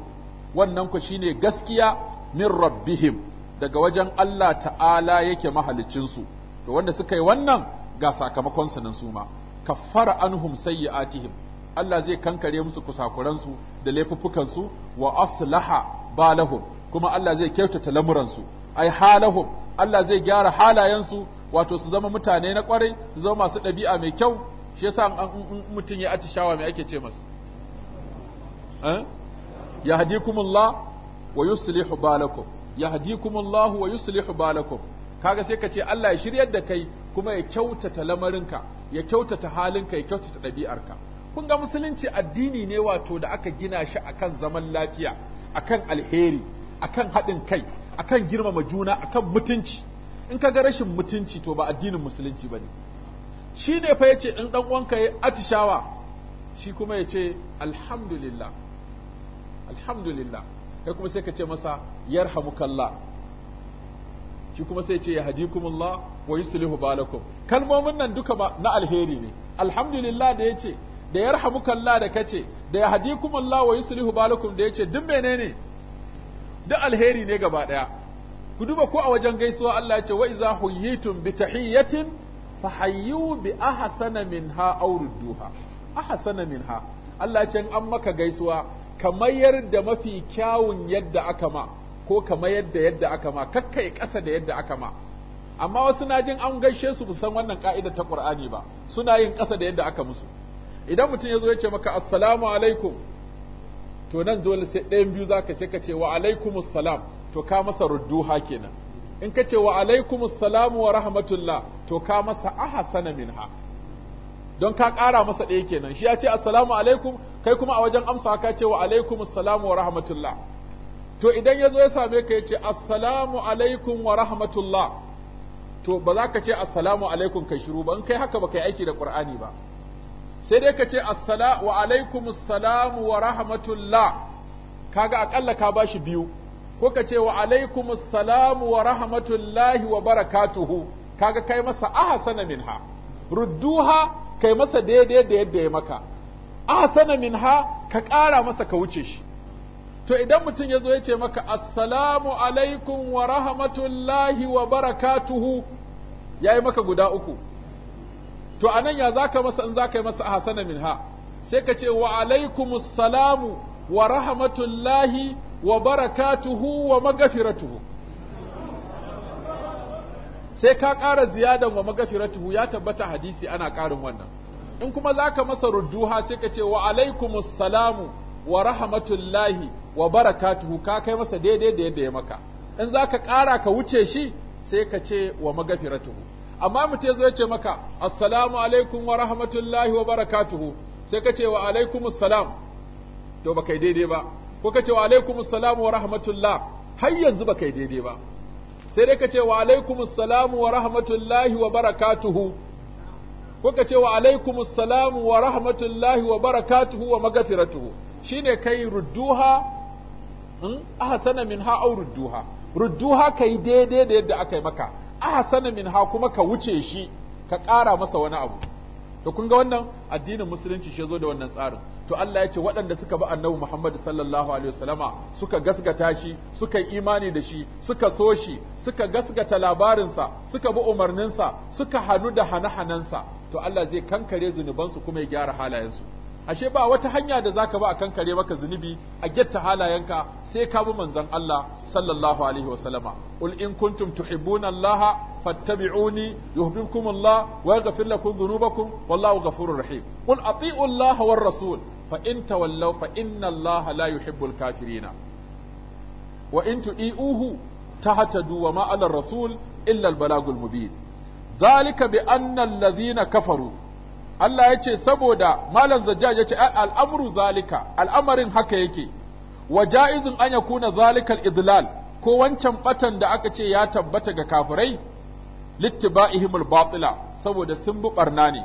wannan ku shine gaskiya min rabbihim daga wajen Allah ta'ala yake mahalicin su to wanda suka yi wannan ga sakamakon su nan suma kaffara anhum sayyi'atihim Allah zai kankare musu kusakuran su da laifuffukan su wa aslaha balahum kuma Allah zai kyautata lamuran su ai halahum Allah zai gyara halayensu wato su zama mutane na kwarai su zama masu ɗabi'a mai kyau shi yasa an mutum ya atishawa mai ake ce masu eh? yahdikumullah wa yuslihu balakum yahdikumullahu wa yuslihu balakum kaga sai ka ce Allah ya shiryar da kai kuma ya kyautata lamarinka ya kyautata halinka ya kyautata ɗabi'arka kun ga musulunci addini ne wato da aka gina shi akan zaman lafiya akan alheri akan haɗin kai akan girmama juna akan mutunci in ka ga rashin mutunci to ba addinin musulunci bane shi ne fa yace in dan uwanka yayi atishawa shi kuma yace alhamdulillah alhamdulillah kai kuma sai ka ce masa yarhamukallah shi kuma sai ya ce ya hadikumullah wa yuslihu balakum kalmomin nan duka ba na alheri ne alhamdulillah da yace da yarhamukallah da kace da ya hadikumullah wa yuslihu balakum da yace duk menene ne Da alheri ne gaba ɗaya ku duba ko a wajen gaisuwa Allah ya ce wa iza huyitum bi tahiyatin fa hayyu bi ahsana minha aw rudduha ahsana minha Allah ya ce an maka gaisuwa ka mayar da mafi kyawun yadda aka ma ko ka mayar da yadda aka ma kakkai ƙasa da yadda aka ma amma wasu na jin an gaishe su san wannan ka'ida ta Qur'ani ba suna yin ƙasa da yadda aka musu idan mutum ya zo ya ce maka assalamu alaikum to nan dole sai ɗayan biyu za zaka sai ka ce wa alaikumus salam to ka masa rudduha kenan in ka ce wa alaikumus salamu wa rahmatullah to ka masa ahsana minha don ka ƙara masa ɗaya kenan shi ya ce assalamu alaikum kai kuma a wajen amsa ka ce wa alaikumus salamu wa rahmatullah to idan ya zo ya same ka ya ce assalamu alaikum wa rahmatullah to ba za ka ce assalamu alaikum kai shiru ba in kai haka ba kai aiki da qur'ani ba sai dai ka ce assala wa alaikum assalamu wa rahmatullah kaga akalla ka bashi biyu ko ka ce wa alaikum assalamu wa rahmatullahi wa barakatuhu kaga kai masa ahsana minha rudduha kai masa daidai da yadda ya maka ahsana minha ka ƙara masa ka wuce shi to idan mutum ya zo ya ce maka assalamu alaikum wa rahmatullahi wa barakatuhu ya yi maka guda uku to anan ya zaka masa in zaka yi masa ahsana minha sai ka ce wa alaikumus salamu wa rahmatullahi wa barakatuhu wa magafiratuhu sai ka ƙara ziyadan wa magafiratuhu ya tabbata hadisi ana ƙarin wannan in kuma zaka masa rudduha sai ka ce wa alaikumus salamu wa rahmatullahi wa barakatuhu ka kai masa daidai da yadda ya maka in zaka ƙara ka wuce shi sai ka ce wa magafiratuhu amma mutum ya zo ya ce maka assalamu alaikum wa rahmatullahi wa barakatuhu sai ka ce wa alaikum assalam to ba kai daidai ba ko ka ce wa alaikum assalam wa rahmatullah har yanzu ba kai daidai ba sai dai ka ce wa alaikum assalam wa rahmatullahi wa barakatuhu ko ka ce wa alaikum assalam wa rahmatullahi wa barakatuhu wa magfiratuhu shine kai rudduha in hmm, ahsana minha aw rudduha rudduha kai daidai da yadda aka yi maka ahsana ha kuma ka wuce shi ka ƙara masa wani abu to kun ga wannan addinin musulunci shi zo da wannan tsarin to Allah ya ce waɗanda suka bi annabi Muhammad sallallahu alaihi wasallama suka gasgata shi suka yi imani da shi suka so shi suka gasgata labarinsa suka bi umarninsa suka hanu da hane-hanensa to Allah zai kankare zunubansu kuma ya gyara halayensu ashe ba wata hanya da zaka ba a kare maka zunubi a getta halayenka sai ka bi manzon Allah sallallahu alaihi wa sallama qul in kuntum tuhibbuna Allah fattabi'uni yuhibbukum Allah wa yaghfir lakum dhunubakum wallahu ghafurur rahim qul ati'u Allah war rasul fa in tawallaw fa inna Allah la yuhibbul kafirina wa in tu'i'uhu tahtadu wa ma 'ala rasul illa al-balagul mubin dhalika bi anna alladhina kafaru Allah ya ce saboda malam zajjaj ya ce al'amuru zalika al'amarin haka yake wa ja'izin an kuna zalikar idlal ko wancan batan da aka ce ya tabbata ga kafirai ihimul batila saboda sun bi barna ne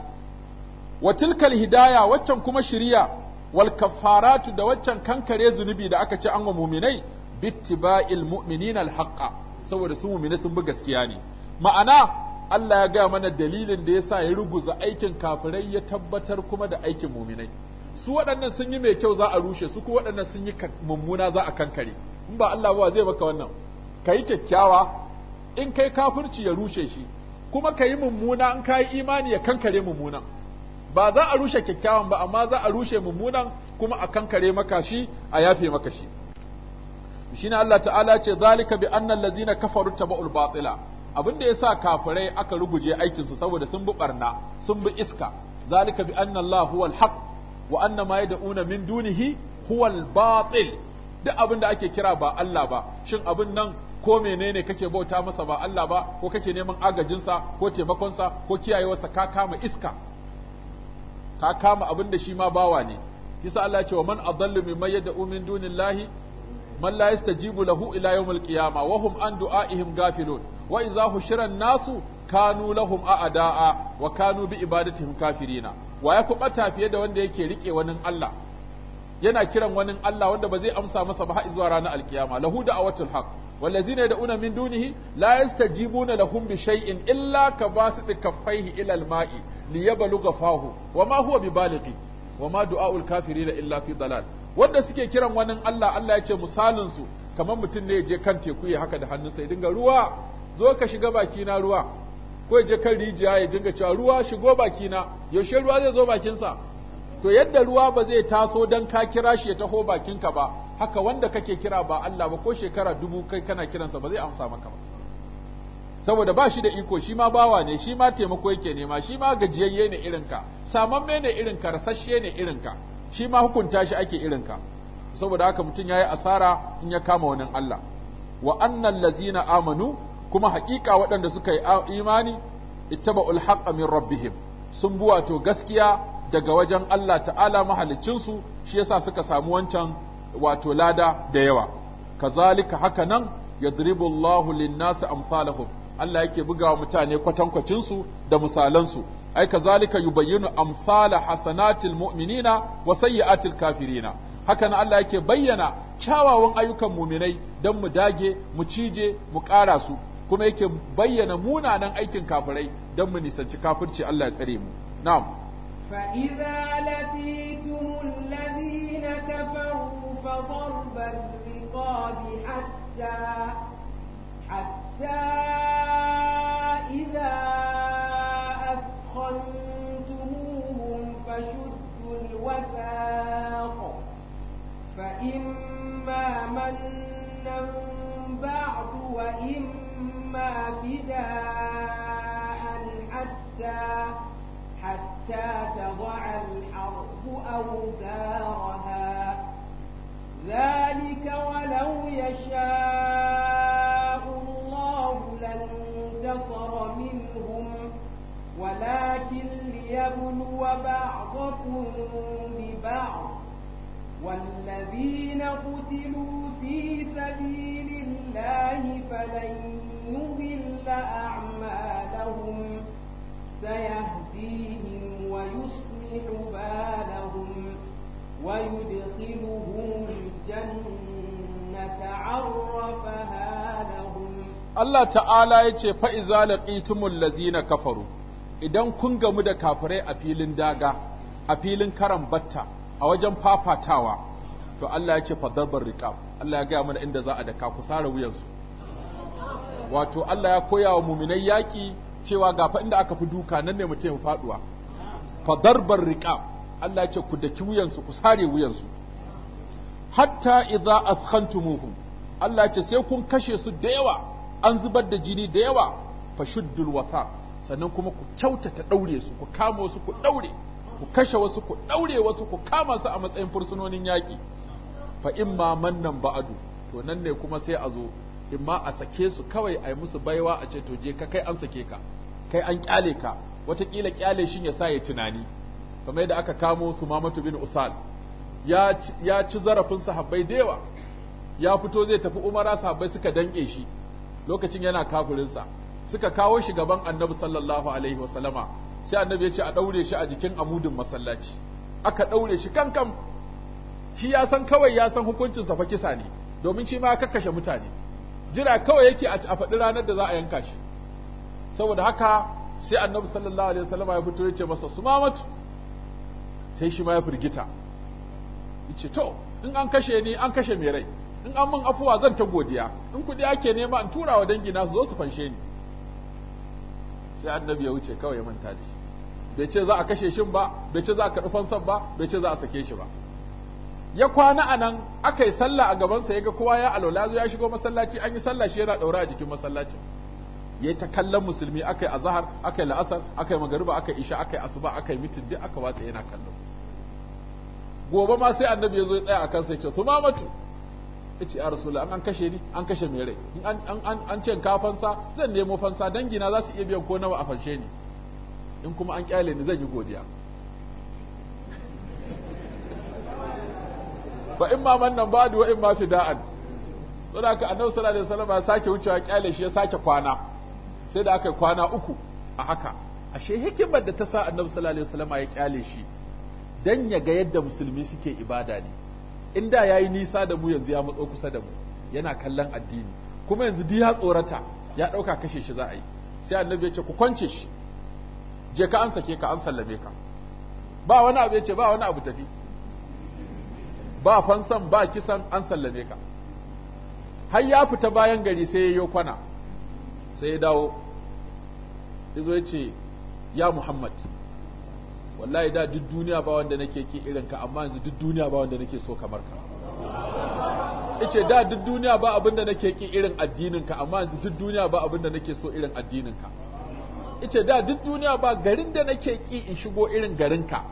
wa tilkal hidaya waccan kuma shirya wal kafaratu da waccan kankare zunubi da aka ce an wa muminai bittiba'il ba al haqqa saboda su mu'mini sun bi gaskiya ne ma'ana Allah ya gaya mana dalilin da ya sa ya ruguza aikin kafirai ya tabbatar kuma da aikin muminai su waɗannan sun yi mai kyau za a rushe su ko waɗannan sun yi mummuna za a kankare in ba Allah ba zai baka wannan ka yi kyakkyawa in kai kafirci ya rushe shi kuma ka yi mummuna in ka yi imani ya kankare mummunan ba za a rushe kyakkyawan ba amma za a rushe mummunan kuma a kankare maka shi a yafe maka shi shine Allah ta'ala ce zalika bi annal ladzina kafaru taba'ul batila abin da ya sa kafirai aka ruguje aikinsu saboda sun bi barna sun bi iska zalika bi anna Allah huwal haq wa anna ma yad'una min dunihi huwal batil duk abin da ake kira ba Allah ba shin abin nan ko menene kake bauta masa ba Allah ba ko kake neman agajinsa ko taimakonsa ko kiyayewarsa ka kama iska ka kama abin da shi ma bawa ne yasa Allah ya ce wa man adallu mimman yad'u min dunillahi man layasta yastajibu lahu ila yawmil qiyamah wa hum an du'aihim gafilun wa idza hushira nasu kanu lahum da'a wa kanu bi ibadatihim kafirina wa ya kubata fiye da wanda yake rike wani Allah yana kiran wani Allah wanda ba zai amsa masa ba har zuwa ranar alkiyama lahu da'awatul haqq والذين يدعون من دونه لا يستجيبون لهم بشيء إلا كباسط كفيه إلى الماء ليبلغ فاه وما هو ببالغ وما دعاء الكافرين إلا في ضلال wanda suke kiran wani Allah Allah ya ce misalin su kamar mutum ne ya je kan teku ya haka da hannunsa ya dinga ruwa zo ka shiga baki na ruwa ko ya je kan rijiya ya dinga cewa ruwa shigo baki na yaushe ruwa zai zo bakinsa to yadda ruwa ba zai taso dan ka kira shi ya taho bakinka ba haka wanda kake kira ba Allah ba ko shekara dubu kai kana kiransa ba zai amsa maka ba saboda ba shi da iko shi ma bawa ne shi ma taimako yake nema shi ma gajiyayye ne irinka samamme ne irinka rasashe ne irinka shi ma hukunta shi ake irin ka. saboda haka mutum ya yi asara in ya kama wani Allah wa annan lazina amanu kuma haƙiƙa waɗanda suka yi imani ittaba'ul haƙa min rabbihim sun buwa to gaskiya daga wajen Allah ta'ala mahalicinsu shi yasa suka samu wancan wato lada da yawa kazalika haka nan yadribu Allahu lin-nasi amsalahum Allah yake bugawa mutane kwatankwacinsu da misalansu ai kazalika yubayyinu amsala hasanatil mu'minina wa sayyi'atil kafirina haka na Allah yake bayyana kyawawan ayyukan muminai dan mu dage mu cije mu ƙara su kuma yake bayyana munanan aikin kafirai dan mu nisanci kafirci Allah ya tsare mu na'am فإذا لقيتم الذين كفروا فضرب الرقاب حتى حتى إذا أثخنتموهم فشدوا الوثاق فإما منا بعد وإما فداء حتى حتى تضع الحرب أوزارها ذلك ولو يشاء ولكن ليبلو بعضكم ببعض والذين قتلوا في سبيل الله فلن يضل أعمالهم سيهديهم ويصلح بالهم ويدخلهم الجنة عرفها لهم الله تعالى يتشفى إذا لقيتم الذين كفروا idan kun gamu da kafirai a filin daga a filin karan batta a wajen fafatawa to Allah ya ce fadarbar riqab Allah ya gaya mana inda za a daka ku sare wuyansu wato Allah ya koya wa muminai yaƙi cewa ga fa inda aka fi duka nan ne mutum faduwa fadarbar riqab Allah ya ce ku daki wuyansu ku sare wuyansu hatta idza athkhantumuhum Allah ya ce sai kun kashe su da yawa an zubar da jini da yawa fashuddul wasaq sannan kuma ku kyautata ɗaure su ku kama wasu ku ɗaure ku kashe wasu ku ɗaure wasu ku kama su a matsayin fursunonin yaƙi fa in ma mannan ba'adu to nan ne kuma sai a zo in ma a sake su kawai a yi musu baiwa a ce to je ka kai an sake ka kai an kyale ka watakila kyale shin ya sa ya tunani kamar yadda aka kamo su mamatu bin usal ya ci zarafin sahabbai da yawa ya fito zai tafi umara sahabbai suka danke shi lokacin yana kafirinsa suka kawo shi gaban annabi sallallahu alaihi wasallama sai annabi ya ce a daure shi a jikin amudin masallaci aka daure shi kankan shi ya san kawai ya san hukuncin sa fa kisa ne domin shi ma kakkashe mutane jira kawai yake a faɗi ranar da za a yanka shi saboda haka sai annabi sallallahu alaihi wasallama ya fito ya ce masa sumamatu sai shi ma ya firgita yace to in an kashe ni an kashe mai rai in an min afuwa zan ta godiya in kuɗi ake nema in tura wa dangi na su zo su fanshe ni sai annabi ya wuce kawai ya manta da shi bai ce za a kashe shin ba bai ce za a karɓi fansan ba bai ce za a sake shi ba ya kwana a nan aka yi sallah a gabansa ya ga kowa ya alola ya shigo masallaci an yi sallah shi yana ɗaura a jikin masallacin yayi ta kallon musulmi aka yi azahar aka la'asar aka yi magariba aka yi isha aka asuba aka yi mitin duk aka watsa yana kallo. gobe ma sai annabi ya zo ya tsaya akan sa ya ce su ce ya rasulullah an kashe ni an kashe mai rai an ce ka fansa zan nemo fansa dangina za su iya biyan ko nawa a fanshe ni in kuma an kyale ni zan yi godiya Ba in ma man nan ba wa in ma fida'an don haka annabi sallallahu alaihi wasallam ya sake wucewa kyale shi ya sake kwana sai da aka kwana uku a haka ashe hikimar da ta sa annabi sallallahu alaihi wasallam ya kyale shi dan ya ga yadda musulmi suke ibada ne in da yi nisa da mu yanzu ya matso kusa da mu yana kallon addini kuma yanzu di ya tsorata ya dauka kashe shi za a yi sai annabi ya ce ku kwance shi je ka an sake ka an sallame ka ba wani abu ya ce ba wani abu tafi ba fansan ba kisan an sallame ka har ya fita bayan gari sai ya yi kwana sai ya dawo izo ya ce ya muhammad wallahi da duk duniya ba wanda nake ki irin ka amma yanzu duk duniya ba wanda nake so kamar ka ice da duk duniya ba abin da nake ki irin addinin ka amma yanzu duk duniya ba abin da nake so irin addinin ka ice da duk duniya ba garin da nake ki in shigo irin garin ka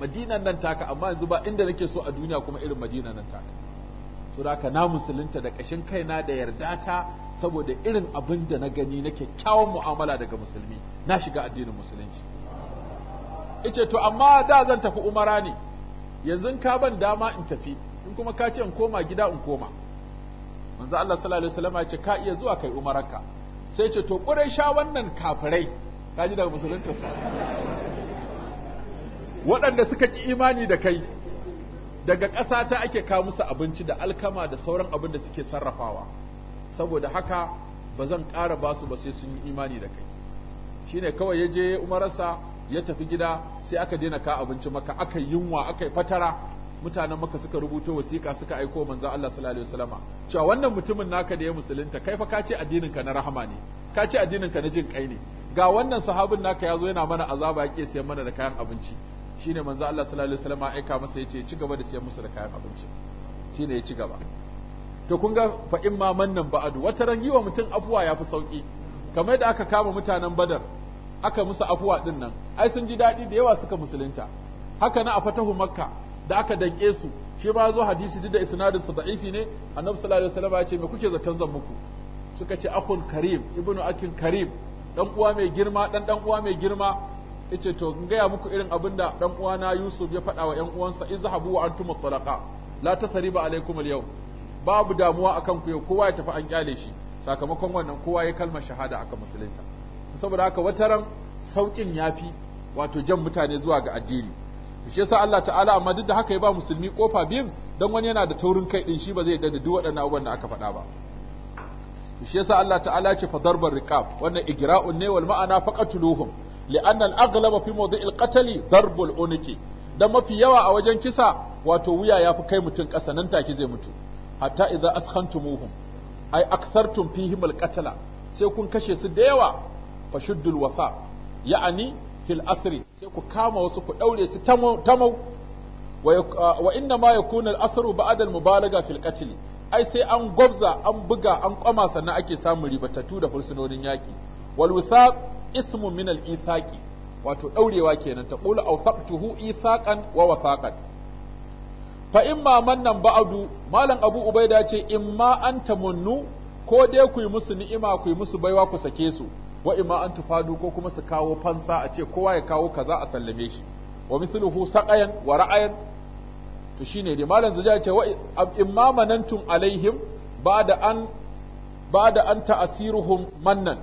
madinan nan taka amma yanzu ba inda nake so a duniya kuma irin madinan nan taka to ka na musulunta da kashin kaina da yarda ta saboda irin abin da na gani na kyakkyawan mu'amala daga musulmi na shiga addinin musulunci yace to amma da zan tafi umara ne yanzu ka ban dama in tafi in kuma ka ce in koma gida in koma manzo Allah sallallahu alaihi wasallam ya ce ka iya zuwa kai Umaraka sai ce to ƙurai sha wannan kafirai ka ji daga musulunta su waɗanda suka ki imani da kai daga ƙasa ta ake kawo musu abinci da alkama da sauran abin da suke sarrafawa saboda haka ba zan ƙara ba su ba sai sun yi imani da kai shine kawai ya je umararsa ya tafi gida sai aka daina ka abinci maka aka yunwa aka fatara mutanen maka suka rubuto wasiƙa suka aiko manzo Allah sallallahu alaihi wasallama cewa wannan mutumin naka da ya musulunta kai fa ka ce addinin ka na rahama ne ka ce addinin ka na jin kai ne ga wannan sahabin naka yazo yana mana azaba yake siyan mana da kayan abinci shine manzo Allah sallallahu alaihi wasallama aika masa yace ci gaba da siyan musu da kayan abinci shine ya ci gaba to kun ga fa ma mannan ba'adu wata ran wa mutum afuwa yafi sauki kamar da aka kama mutanen badar aka musu afuwa din ai sun ji daɗi da yawa suka musulunta haka na a fatahu makka da aka danke su shi ba zo hadisi duk da isnadin sa da'ifi ne annabi sallallahu alaihi wasallam ya ce me kuke zaton zan muku suka ce akhun karim ibnu akin karim dan uwa mai girma dan dan uwa mai girma yace to in ya muku irin abinda dan uwa na Yusuf ya faɗa wa ƴan uwansa izhabu wa antum talaqa la tathriba alaikum al-yawm babu damuwa akan ku yau kowa ya tafi an kyale shi sakamakon wannan kowa ya kalmar shahada akan musulunta saboda haka wataran saukin yafi wato jan mutane zuwa ga addini shi yasa Allah ta'ala amma duk da haka ya ba musulmi kofa biyun dan wani yana da taurin kai din shi ba zai da duk waɗannan abubuwan da aka faɗa ba shi yasa Allah ta'ala ce fa darbar riqab wannan igra'un ne wal ma'ana faqatuluhum li'anna al-aghlaba fi mawdi'il qatl darbul unki dan mafi yawa a wajen kisa wato wuya ya fi kai mutun ƙasa nan take zai mutu hatta idza askhantumuhum ay akthartum fihim al-qatla sai kun kashe su da yawa fashuddul wasa ya'ani fil asri sai ku kama wasu ku daure su tamau wa inna ma yakuna al asru ba'da al mubalaga fil qatl ai sai an gwabza an buga an kwama sannan ake samun ribatattu da fursunonin yaki wal withaq ismu min al ithaqi wato daurewa kenan ta qulu awthaqtuhu ithaqan wa wasaqan fa imma mannan ba'du malam abu ubaida ce imma an munnu ko dai ku yi musu ni'ima ku yi musu baiwa ku sake su wa imma an tufadu ko kuma su kawo fansa a ce kowa ya kawo kaza a sallame shi wa misluhu saqayan wa ra'ayan to shine dai malam zuja ce wa imma manantum alaihim ba'da an ba'da an ta'asiruhum mannan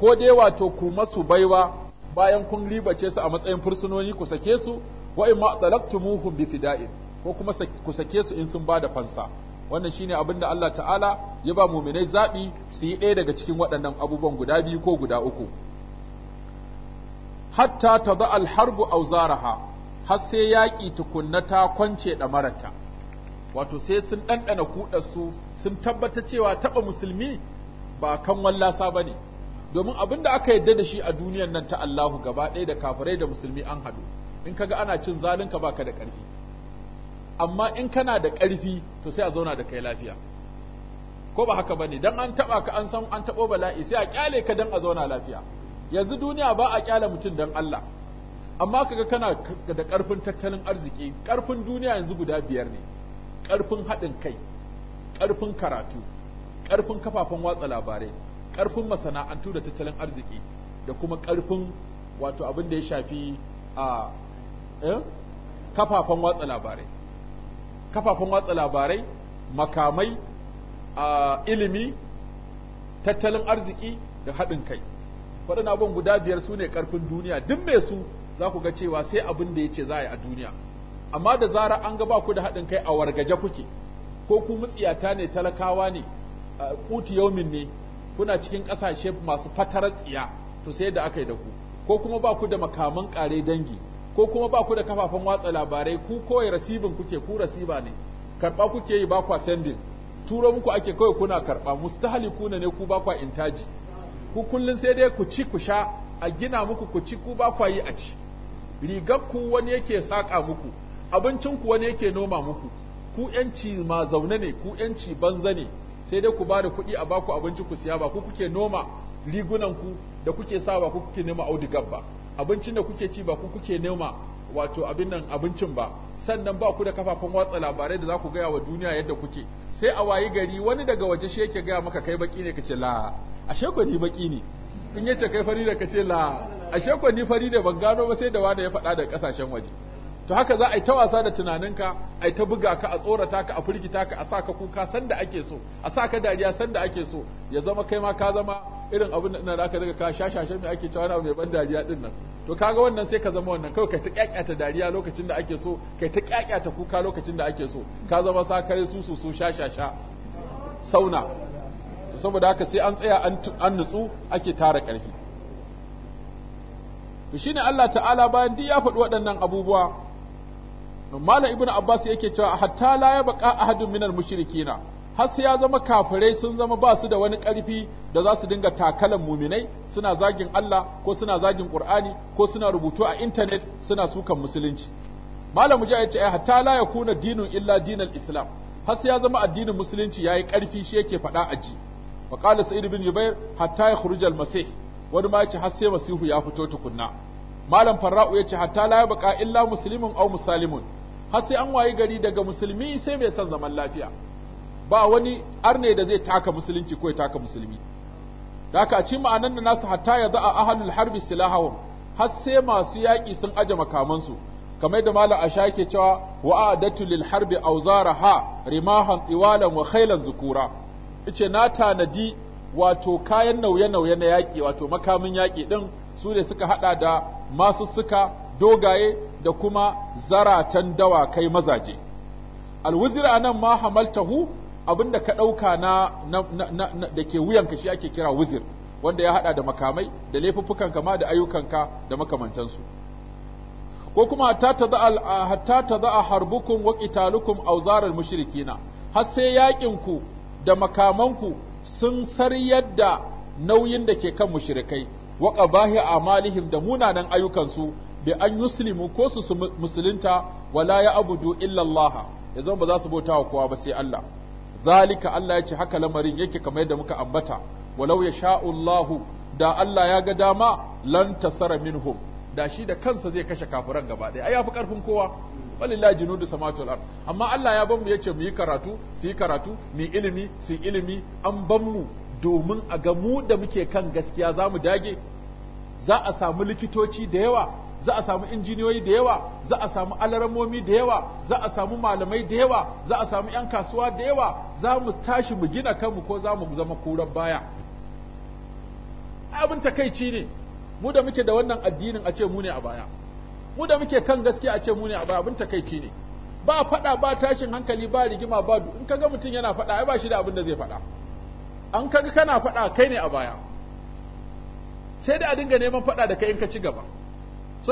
ko dai wato ku masu baiwa bayan kun ribace su a matsayin fursunoni ku sake su wa imma talaktumuhum fida'in ko kuma ku sake su in sun bada fansa wannan shine abin da Allah ta'ala ya ba muminai zaɓi su yi ɗaya daga cikin waɗannan abubuwan guda biyu ko guda uku hatta ta za alharbu auzaraha har sai yaƙi tukunna ta kwance da marata. wato sai sun ɗanɗana su sun tabbata cewa taɓa musulmi ba kan wallasa ba ne domin abin da aka yadda da shi a duniyan nan ta Allahu gaba ɗaya da kafirai da musulmi an haɗu in kaga ana cin zalinka baka da ƙarfi amma in kana da ƙarfi to sai a zauna da kai lafiya ko ba haka bane dan an taba ka an san an tabo bala'i sai a kyale ka dan a zauna lafiya yanzu duniya ba a kyale mutum dan Allah amma kaga kana da ƙarfin tattalin arziki ƙarfin duniya yanzu guda biyar ne Ƙarfin haɗin kai ƙarfin karatu ƙarfin kafafen watsa labarai ƙarfin masana'antu da tattalin arziki da kuma ƙarfin wato abin da ya shafi a eh? kafafen watsa labarai kafafen watsa labarai makamai ilimi tattalin arziki da haɗin kai waɗannan abin guda biyar su ne ƙarfin duniya duk mai su za ku ga cewa sai abin da ya ce za a yi a duniya amma da zara an ga ba ku da haɗin kai a wargaje kuke ko ku mutsiyata ne talakawa ne kuti yaumin ne kuna cikin ƙasashe masu fatarar tsiya to sai da aka yi da ku ko kuma ba ku da makaman ƙare dangi ko kuma ba ku da kafafen watsa labarai ku kawai rasibin kuke ku rasiba ne karba kuke yi ba kwa sendin turo muku ake kawai kuna karba na ne ku ba kwa intaji ku kullun sai dai ku ci ku sha a gina muku ku ci ku ba kwa yi a ci rigar ku wani yake saka muku abincin ku wani yake noma muku ku yanci ma zaune ne ku yanci banza ne sai dai ku ba da kuɗi a baku abinci ku siya ba ku kuke noma rigunan ku da kuke sawa ku kuke nema audigar ba abincin da kuke ci ba ku kuke nema wato abin nan abincin ba sannan ba ku da kafafen watsa labarai da za ku gaya wa duniya yadda kuke sai a wayi gari wani daga waje shi yake gaya maka kai baki ne kace la ashe ko ni baki ne in yace kai fari da kace la ashe ko ni fari da ban gano ba sai da wani ya faɗa da kasashen waje to haka za a yi ta wasa da tunaninka a yi ta buga ka a tsorata ka a firgita ka a sa ka kuka sanda ake so a sa ka dariya sanda ake so ya zama kai ma ka zama irin abin da aka daga ka shashashe mai ake cewa wani mai ban dariya din nan to kaga wannan sai ka zama wannan kawai kai ta kyakyata dariya lokacin da ake so kai ta kyakyata kuka lokacin da ake so ka zama kare su su su shashasha sauna to saboda haka sai an tsaya an nutsu ake tara karfi to ne Allah ta'ala bayan duk ya faɗi waɗannan abubuwa Malam Ibn Abbas yake cewa hatta la ya baka ahadun minal mushrikina har sai ya zama kafirai sun zama ba su da wani ƙarfi da za su dinga takalan muminai suna zagin Allah ko suna zagin Qur'ani ko suna rubutu a internet suna sukan musulunci Malam Mujahid ya ce hatta la yakuna dinun illa dinal Islam har sai ya zama addinin musulunci yayi ƙarfi shi yake faɗa a ji wa qala Sa'id bin Jubair hatta yakhruj al-masih wani ma yace har sai masihu ya fito tukunna Malam Farra'u yace hatta la baka illa muslimun aw musalimun har sai an wayi gari daga musulmi sai mai san zaman lafiya ba wani arne da zai taka musulunci ko ya taka musulmi da aka ci ma'anan da nasu hatta ya za'a ahalul harbi silahawum har sai masu yaƙi sun aje makamansu kamar da malam asha yake cewa wa a'datu lil harbi awzaraha rimahan iwalan wa khailan zukura ice na tanadi wato kayan nauye-nauye na yaki wato makamin yaƙi din su ne suka hada da masussuka dogaye da kuma zaratan kai mazaje a nan ma hamaltahu abinda ka ɗauka na, na, na, na da ke wuyanka shi ake kira wuzir wanda ya haɗa da makamai da laifuffukan kama da ayyukanka da makamantansu ko kuma hatta ta a hatta ta za'a harbukum wa qitalukum awzaral mushrikina har sai yakin ku da makamanku sun saryar da nauyin da ke kan mushrikai wa qabahi amalihim da munanan ayyukansu bi an yuslimu ko su musulunta wala ya abudu illallah ya zama ba za su bauta wa kowa ba sai Allah zalika Allah ya ce haka lamarin yake kamar yadda muka ambata walau ya sha'ullahu da Allah ya ga dama lan tasara minhum da shi da kansa zai kashe kafiran gaba ɗaya ai yafi karfin kowa walillahi jinudu samatul ard amma Allah ya bamu yace mu yi karatu su yi karatu mu ilimi su ilimi an bamu domin a ga mu da muke kan gaskiya za mu dage za a samu likitoci da yawa za a samu injiniyoyi da yawa za a samu alaramomi da yawa za a samu malamai da yawa za a samu 'yan kasuwa da yawa za mu tashi mu gina kanmu ko za mu zama kuran baya abin takaici ne mu da muke da wannan addinin a ce mu ne a baya mu da muke kan gaskiya a ce mu ne a baya abin takaici ne ba faɗa ba tashin hankali ba rigima ba in kaga mutum yana faɗa ai ba shi da abin da zai faɗa an kaga kana faɗa kai ne a baya sai da a dinga neman faɗa da kai in ka ci gaba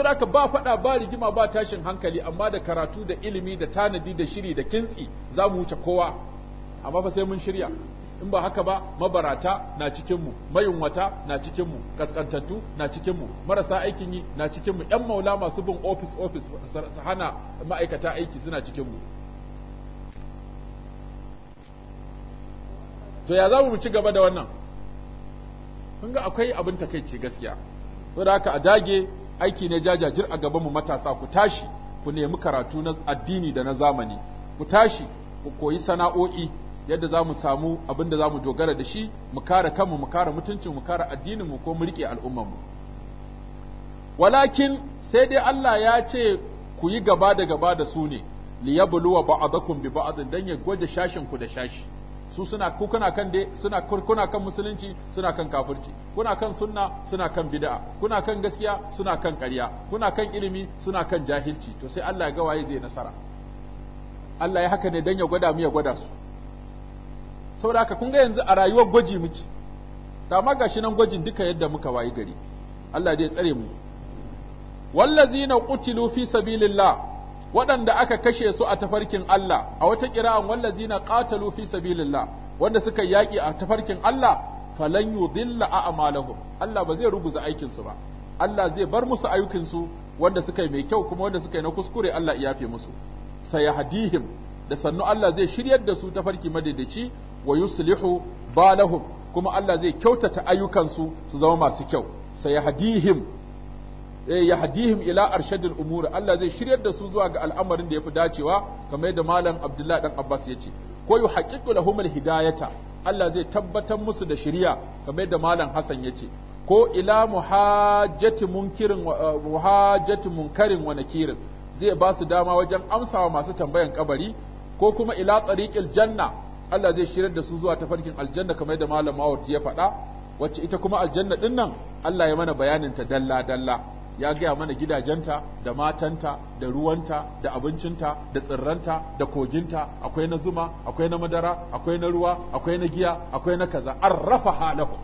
aka ba faɗa ba rigima ba tashin hankali amma da karatu da ilimi da tanadi da shiri da kintsi za mu wuce kowa amma fa sai mun shirya in ba haka ba mabarata na cikinmu mayunwata na cikinmu kaskantattu na cikinmu marasa aikin yi na cikinmu yan maula masu bin ofis ofis su hana ma'aikata aiki suna cikinmu to ya za mu ci gaba da wannan kun ga akwai abin takaici gaskiya saboda haka a dage aiki ne jajajir a gaban mu matasa ku tashi ku nemi karatu na addini da na zamani ku tashi ku koyi sana'o'i yadda za mu samu abin da za mu dogara da shi mu kare kanmu mu kare mutuncin mu kare addinin mu ko mu rike al'ummarmu walakin sai dai Allah ya ce ku yi gaba da gaba da su ne liyabluwa ba'adakum bi ba'adin dan ya gwaje shashin ku da shashi su suna kuna kan dai suna kuna kan musulunci suna kan kafirci kuna kan sunna suna kan bid'a kuna kan gaskiya suna kan ƙarya kuna kan ilimi suna kan jahilci to sai Allah ya ga waye zai nasara Allah ya haka ne dan ya gwada mu ya gwada su saboda haka kun ga yanzu a rayuwar gwaji muke ta ma gashi nan gwajin duka yadda muka wayi gari Allah dai ya tsare mu wallazina qutilu fi sabilillah waɗanda aka kashe su a tafarkin Allah a wata wallazi na qatalu fi sabilillah wanda suka yaƙi a tafarkin Allah falan yudilla a'malahum Allah ba zai ruguza aikin su ba Allah zai bar musu ayyukan su wanda suka yi mai kyau kuma wanda suka yi na kuskure Allah ya yafe musu sayahdihim da sannu Allah zai shiryar da su tafarki madaidaici wa yuslihu balahum kuma Allah zai kyautata ayyukan su su zama masu kyau sayahdihim Eh, yahdihim ila arshadil umur Allah zai shiryar da su zuwa ga al'amarin da yafi dacewa kamar yadda malam abdullah dan Abbas yace ko yuhaqqiqu lahum alhidayata Allah zai tabbatar musu da shiriya kamar yadda malam Hassan yace ko ila muhajjati munkirin eh, muhajjati munkarin wa nakirin zai ba su dama wajen amsawa masu tambayan kabari ko kuma ila tariqil janna Allah zai shiryar da su zuwa tafarkin aljanna kamar da malam Mawud ya faɗa wacce ita kuma aljanna dinnan Allah ya mana bayanin ta dalla dalla ya gaya mana gidajenta da matanta da ruwanta da abincinta da tsirranta da koginta akwai na zuma akwai na madara akwai na ruwa akwai na giya akwai na kaza arrafa halaku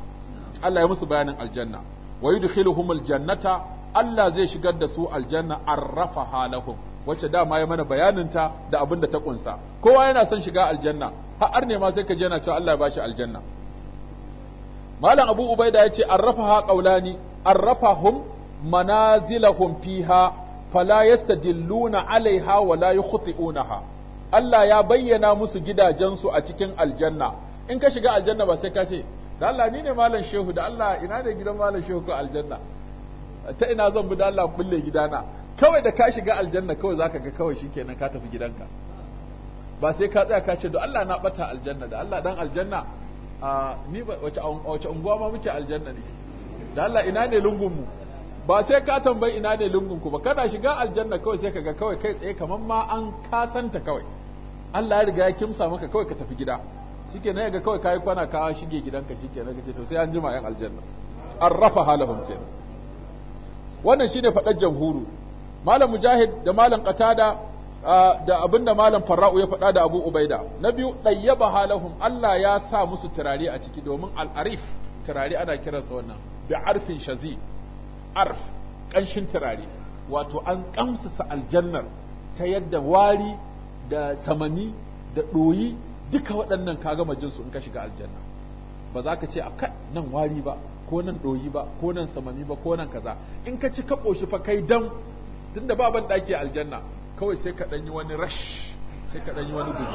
Allah ya musu bayanin aljanna wa yudkhiluhum aljannata Allah zai shigar da su aljanna arrafa halakum wacce dama ya mana bayanin ta da abin da ta kunsa kowa yana son shiga aljanna har ne ma sai ka je yana cewa Allah ya bashi aljanna malam abu ubaida ya ce arrafa ha qaulani arrafahum manazilahum fiha fala yastadilluna alaiha wala yukhti'unaha Allah ya bayyana musu gidajensu a cikin aljanna in ka shiga aljanna ba sai ka ce da Allah ni ne malam shehu da Allah ina da gidan malam shehu ko aljanna ta ina zan bi da Allah kulle gidana kawai da ka shiga aljanna kawai zaka ga kawai shikenan ka tafi gidanka ba sai ka tsaya ka ce da Allah na bata aljanna da Allah dan aljanna a ni ba wace unguwa ma muke aljanna ne da Allah ina ne lungun mu ba sai ka tambayi ina ne lungunku ba kada shiga aljanna kawai sai kaga kawai kai tsaye kamar ma an kasanta kawai Allah ya riga ya kimsa maka kawai ka tafi gida shikenan ga kawai kai kwana ka shige gidanka shikenan kace to sai an jima yan aljanna arrafa halahum ce wannan shine fadar jamhuru malam mujahid da malam qatada da abinda malam farra'u ya faɗa da abu ubaida na biyu dayyaba halahum Allah ya sa musu turare a ciki domin al'arif turare ana kiransa wannan bi arfin shazi arf ƙanshin turare wato an ƙamsasa aljannar ta yadda wari da samani da ɗoyi duka waɗannan ka gama jinsu in ka shiga aljanna ba za ka ce a kai nan wari ba ko nan ɗoyi ba ko nan samani ba ko nan kaza in ka ci ka ƙoshi fa kai dam tunda ba ban ɗaki aljanna kawai sai ka ɗanyi wani rash sai ka ɗanyi wani gumi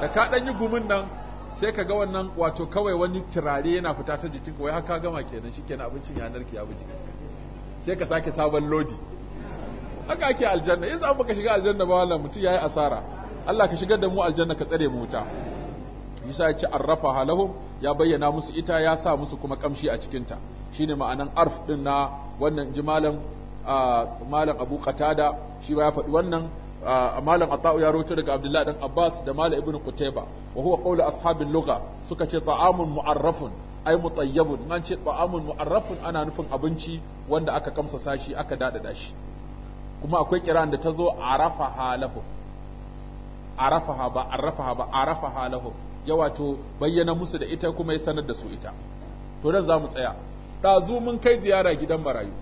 da ka ɗanyi gumin nan sai ka ga wannan wato kawai wani turare yana fita ta jikin wai haka gama kenan shikenan abincin yanar ki ya bi sai ka sake sabon lodi haka ake aljanna in za ka shiga aljanna ba wallahi mutum yayi asara Allah ka shigar da mu aljanna ka tsare mu wuta Isa ya ce arrafa halahum ya bayyana musu ita ya sa musu kuma kamshi a cikin ta shine ma'anan arf din na wannan ji malam ah, malam Abu Qatada shi ba ya faɗi wannan malam ata'u ya rawaito daga abdullahi dan abbas da malam ibnu kutaiba wa huwa qawlu ashabin lugha suka ce ta'amun mu'arrafun ai mutayyabun man ce ta'amun mu'arrafun ana nufin abinci wanda aka kamsa sashi aka dadada shi kuma akwai kiran da tazo arafa halahu arafaha ba ha ba arafa halahu ya wato bayyana musu da ita kuma ya sanar da su ita to dan zamu tsaya ɗazu mun kai ziyara gidan marayu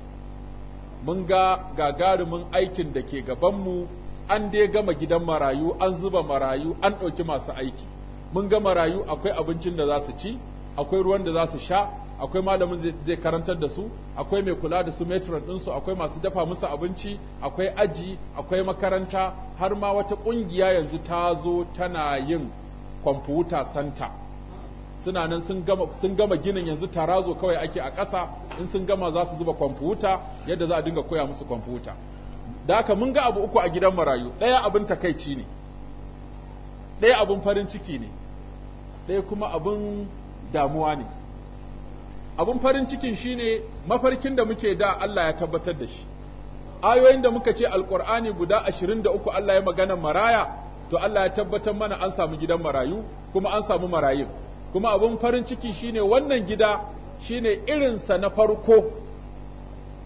mun ga gagarumin aikin da ke gabanmu an dai gama gidan marayu an zuba marayu an ɗauki masu aiki mun ga marayu akwai abincin da za su ci akwai ruwan da za su sha akwai malamin zai karantar da su akwai mai kula da su metron ɗinsu akwai masu dafa musu abinci akwai aji akwai makaranta har ma wata ƙungiya yanzu ta zo tana yin kwamfuta santa suna nan sun gama ginin yanzu tarazo kawai ake a ƙasa in sun gama za su zuba kwamfuta yadda za a dinga koya musu kwamfuta da aka mun ga abu uku a gidan marayu ɗaya abin takaici ne ɗaya abin farin ciki ne ɗaya kuma abin damuwa ne abin farin cikin shine mafarkin da muke da Allah ya tabbatar da shi ayoyin da muka ce Alƙur'ani guda ashirin da uku Allah ya magana maraya to Allah ya tabbatar mana an samu gidan marayu kuma an samu marayin kuma abin farin ciki shine wannan gida shine irinsa na farko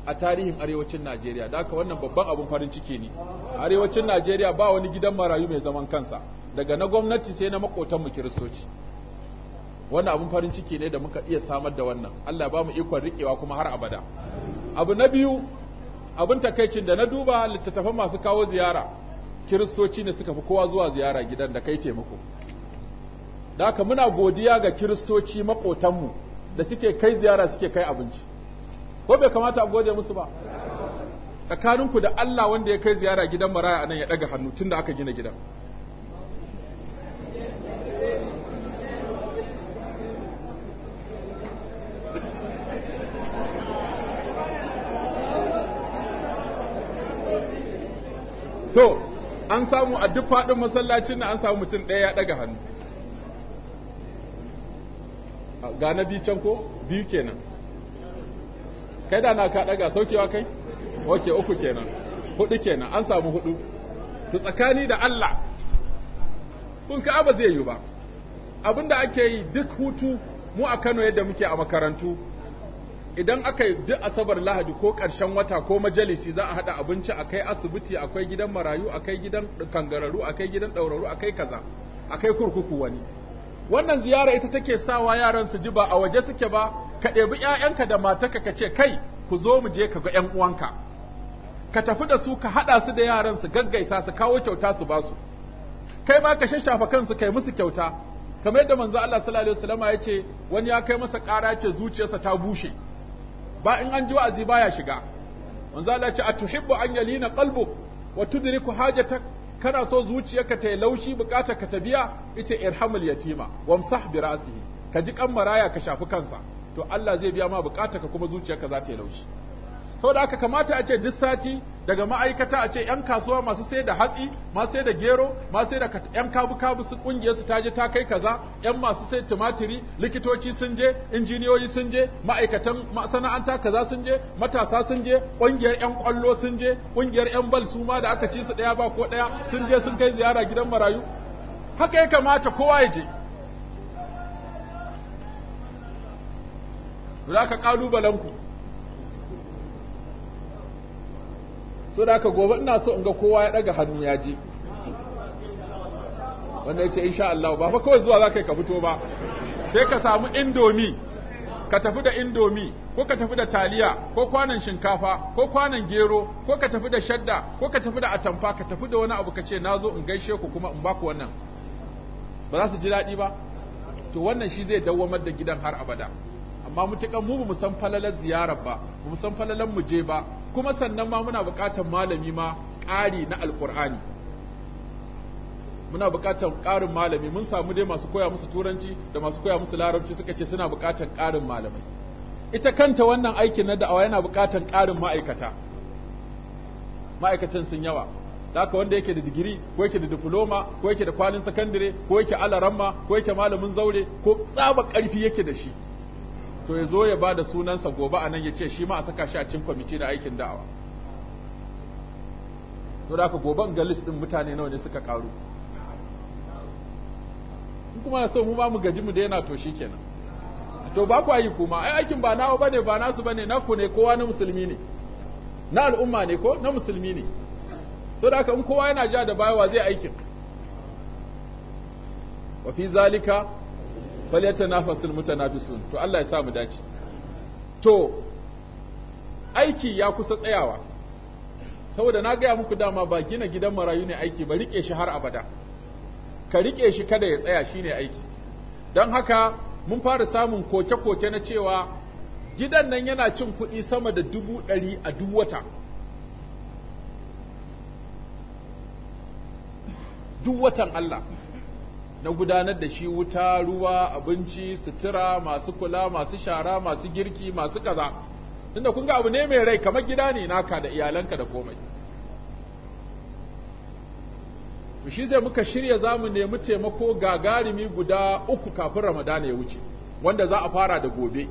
a tarihin arewacin Najeriya da haka wannan babban abin farin ciki ne arewacin Najeriya ba wani gidan marayu mai zaman kansa daga na gwamnati sai na makotan mu kiristoci wannan abin farin ciki ne da muka iya samar da wannan Allah ba mu ikon rikewa kuma har abada abu na biyu abin takaicin da na duba littattafan masu kawo ziyara kiristoci ne suka fi kowa zuwa ziyara gidan da kai taimako da haka muna godiya ga kiristoci maƙotanmu da suke kai ziyara suke kai abinci ko bai kamata a gode musu ba tsakaninku da Allah wanda ya kai ziyara gidan maraya anan ya daga hannu tunda aka gina gidan to an samu a duk faɗin masallacin na an samu mutum ɗaya ya ɗaga hannu ga na can ko biyu kenan kai da na ka daga saukewa kai oke uku kenan hudu kenan an samu hudu to tsakani da Allah kun ka ba zai yi ba abinda ake yi duk hutu mu a Kano yadda muke a makarantu idan aka yi duk asabar lahadi ko ƙarshen wata ko majalisi za a haɗa abinci akai asibiti akwai gidan marayu akai gidan kangararu akai gidan ɗauraru akai kaza akai kurkuku wani wannan ziyara ita take sawa yaran su ji ba a waje suke ba ka ɗebi 'ya'yanka da matanka ka ce kai ku zo mu je ka ga ƴan uwanka ka tafi da su ka haɗa su da yaran su gaggaisa su kawo kyauta su ba su kai ma ka shashafa kansu kai musu kyauta kamar yadda manzo Allah sallallahu alaihi wasallama ya ce wani ya kai masa ƙara ce zuciyarsa ta bushe ba in an ji wa'azi baya shiga manzo Allah ya ce atuhibbu an yalina qalbu wa tudriku hajatak kana so zuciyarka ta yi laushi bukatar ka ta biya ita irhamul yatima wamsah bi ra'sihi ka ji kan maraya ka shafi kansa to Allah zai biya ma bukatar ka kuma zuciyarka za ta yi laushi saboda haka kamata a ce duk sati daga ma'aikata a ce 'yan kasuwa masu sai da hatsi masu sai da gero masu sai da 'yan kabu-kabu su kungiyar su taje ta kai kaza 'yan masu sai tumatiri likitoci sun je injiniyoyi sun je ma'aikatan masana'anta kaza sun je matasa sun je kungiyar 'yan kwallo sun je kungiyar 'yan bal su ma da aka ci su ɗaya ba ko daya sun je sun kai ziyara gidan marayu haka ya kamata kowa ya je zaka ka kalubalen ku so da aka gobe ina so in ga kowa ya daga hannu ya je. wanda ya ce insha Allah ba fa kawai zuwa za ka yi ka fito ba sai ka samu indomi ka tafi da indomi ko ka tafi da taliya ko kwanan shinkafa ko kwanan gero ko ka tafi da shadda ko ka tafi da atamfa ka tafi da wani abu ka ce na zo in gaishe ku kuma in ba ku wannan ba za su ji daɗi ba to wannan shi zai dawwamar da gidan har abada amma mutuƙa mu mu san falalar ziyarar ba mu san falalar mu je ba kuma sannan ma muna buƙatar malami ma ƙari na alƙur'ani muna buƙatar ƙarin malami mun samu dai masu koya musu turanci da masu koya musu larabci suka ce suna buƙatar ƙarin malamai ita kanta wannan aikin na da'awa yana buƙatar ƙarin ma'aikata ma'aikatan sun yawa haka wanda yake da digiri ko yake da diploma ko yake da kwalin sakandire ko yake alaramma ko yake malamin zaure ko tsaba ƙarfi yake da shi to ya zo ya ba da sunansa gobe a nan ya ce shi ma a saka shi a cin kwamiti na aikin da'awa to da aka goben ga list mutane nawa ne suka karu. kuma so mu ba mu gaji mu daina to shikenan to ba ku yi kuma ai aikin ba nawa bane ba nasu bane na ku ne kowa na musulmi ne na al'umma ne ko na musulmi ne so da haka in kowa yana ja da bayawa zai aikin wa fi zalika na na mutanafisun to Allah ya samu dace to aiki ya kusa tsayawa saboda na gaya muku dama ba gina gidan marayu ne aiki ba rike shi har abada ka rike shi kada ya tsaya shi ne aiki don haka mun fara samun koke-koke na cewa gidan nan yana cin kuɗi sama da dubu ɗari a duk wata duk watan Allah na gudanar da shi wuta ruwa abinci sutura masu kula masu shara masu girki masu kaza tunda kun ga abu ne mai rai kamar gida ne naka da iyalanka da komai shi sai muka shirya za mu nemi taimako gagarumi guda uku kafin ramadana ya wuce wanda za a fara da gobe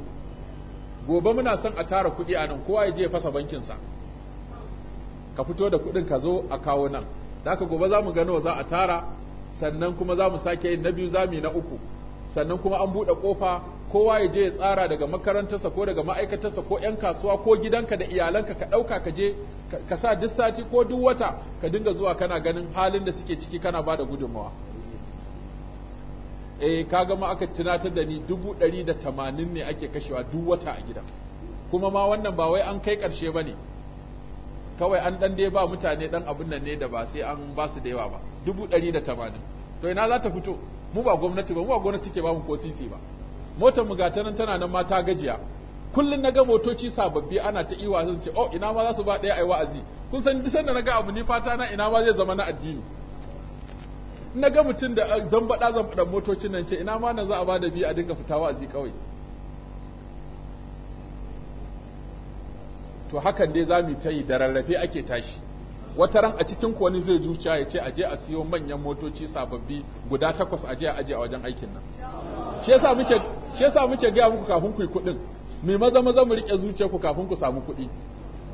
gobe muna son a tara kuɗi a nan kowa ya je fasa bankinsa ka fito da kuɗin ka zo a kawo nan da gobe za mu gano za a tara sannan kuma za mu sake yin na biyu za mu yi na uku sannan kuma an buɗe ƙofa kowa ya je ya tsara daga makarantarsa ko daga ma'aikatarsa ko 'yan kasuwa ko gidanka da iyalanka ka ɗauka ka je ka sa duk sati ko duk wata ka dinga zuwa kana ganin halin da suke ciki kana ba da gudunmawa eh ka gama aka tunatar da ni dubu ɗari da tamanin ne ake kashewa duk wata a gidan kuma ma wannan ba wai an kai ƙarshe ba ne kawai an dan dai ba mutane dan abun nan ne da ba sai an ba su da yawa ba dubu ɗari da tamanin to ina za ta fito mu ba gwamnati ba mu ba gwamnati ke ba mu ko sisi ba motar mu gata nan tana nan ma ta gajiya kullun ga motoci sababbi ana ta iwa sun ce oh ina ma za su ba ɗaya ai wa'azi kun san duk sanda naga abu ni fata na ina ma zai zama na addini naga mutum da zan zambadan motocin nan ce ina ma na za a ba da biyu a dinga fita wa'azi kawai to hakan dai za mu yi da rarrafe ake tashi wata ran a cikin wani zai zuciya ya ce a je a siyo manyan motoci sababbi guda takwas a je a aje a wajen aikin nan shi yasa muke gaya muku kafin ku yi kuɗin mai maza maza mu rike zuciya ku kafin ku samu kuɗi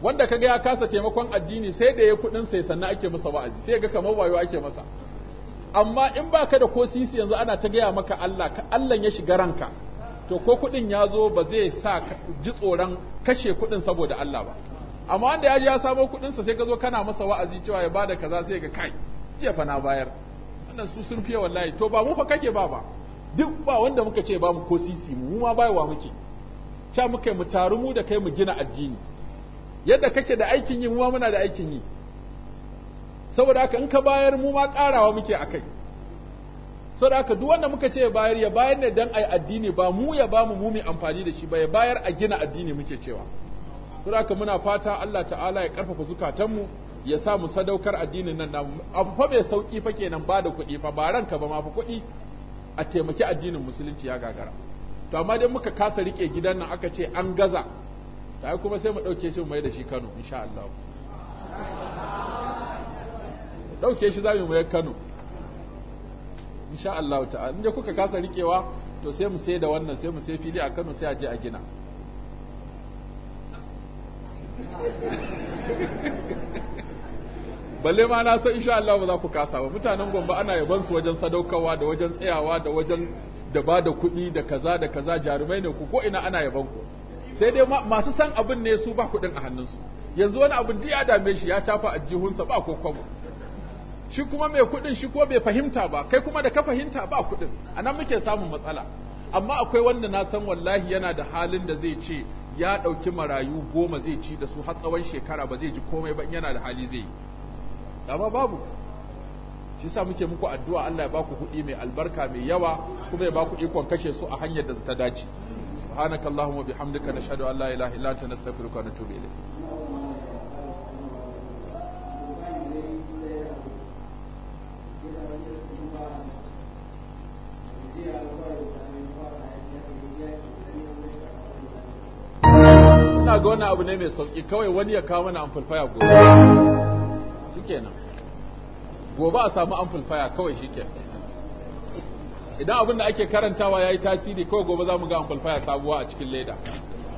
wanda ka ga ya kasa taimakon addini sai da ya kuɗin sai sannan ake masa wa'azi sai ga kamar wayo ake masa amma in baka da ko sisi yanzu ana ta gaya maka Allah ka Allah ya shiga ranka to ko kudin ya zo ba zai sa ji tsoron kashe kudin saboda Allah ba amma wanda ya ji ya samo sa sai ka zo kana masa wa'azi cewa ya bada kaza sai ga kai jiya fa na bayar wannan su sun fiye wallahi to ba mu fa kake ba ba duk ba wanda muka ce ba mu ko sisi mu ma wa muke ta muka mu taru mu da kai mu gina addini yadda kake da aikin yi mu ma muna da aikin yi saboda haka in ka bayar mu ma karawa muke akai so da haka duk wanda muka ce ya bayar ya bayar ne dan ai addini ba mu ya ba mu mu mai amfani da shi ba ya bayar a gina addini muke cewa so da haka muna fata Allah ta'ala ya karfafa zukatan mu ya sa mu sadaukar addinin nan namu abu fa mai sauki fa kenan ba da kuɗi fa ba ranka ba ma fa kuɗi a taimaki addinin musulunci ya gagara to amma dai muka kasa rike gidan nan aka ce an gaza ta kuma sai mu ɗauke shi mu mai da shi Kano insha Allah ɗauke shi za mu mai Kano insha Allah ta'ala inda kuka kasa rikewa to sai mu sai da wannan sai mu sai fili a Kano sai a je a gina balle ma na san insha Allah ba za ku kasa ba mutanen Gombe ana yaban su wajen sadaukarwa da wajen tsayawa da wajen da ba da kuɗi da kaza da kaza jarumai ne ku ko ina ana yaban ku sai dai masu san abin ne su ba kuɗin a hannunsu yanzu wani abin duk ya dame shi ya tafa a jihunsa ba ko kwabo shi kuma mai kuɗin shi ko bai fahimta ba kai kuma da ka fahimta ba kuɗin anan muke samun matsala amma akwai wanda na san wallahi yana da halin da zai ce ya ɗauki marayu goma zai ci da su har tsawon shekara ba zai ji komai ba yana da hali zai yi amma babu shi sa muke muku addu'a Allah ya baku kuɗi mai albarka mai yawa kuma ya baku ikon kashe su a hanyar da ta dace subhanakallahumma bihamdika nashhadu an la ilaha illa anta nastaghfiruka wa natubu ilayk ina ga wani abu ne mai sauki kawai wani ya kawo mana amfulfaya gobe gobe a samu amfulfaya kawai shikenan idan abin da ake karantawa ya yi tasiri kawai gobe za mu ga amfulfaya sabuwa a cikin leda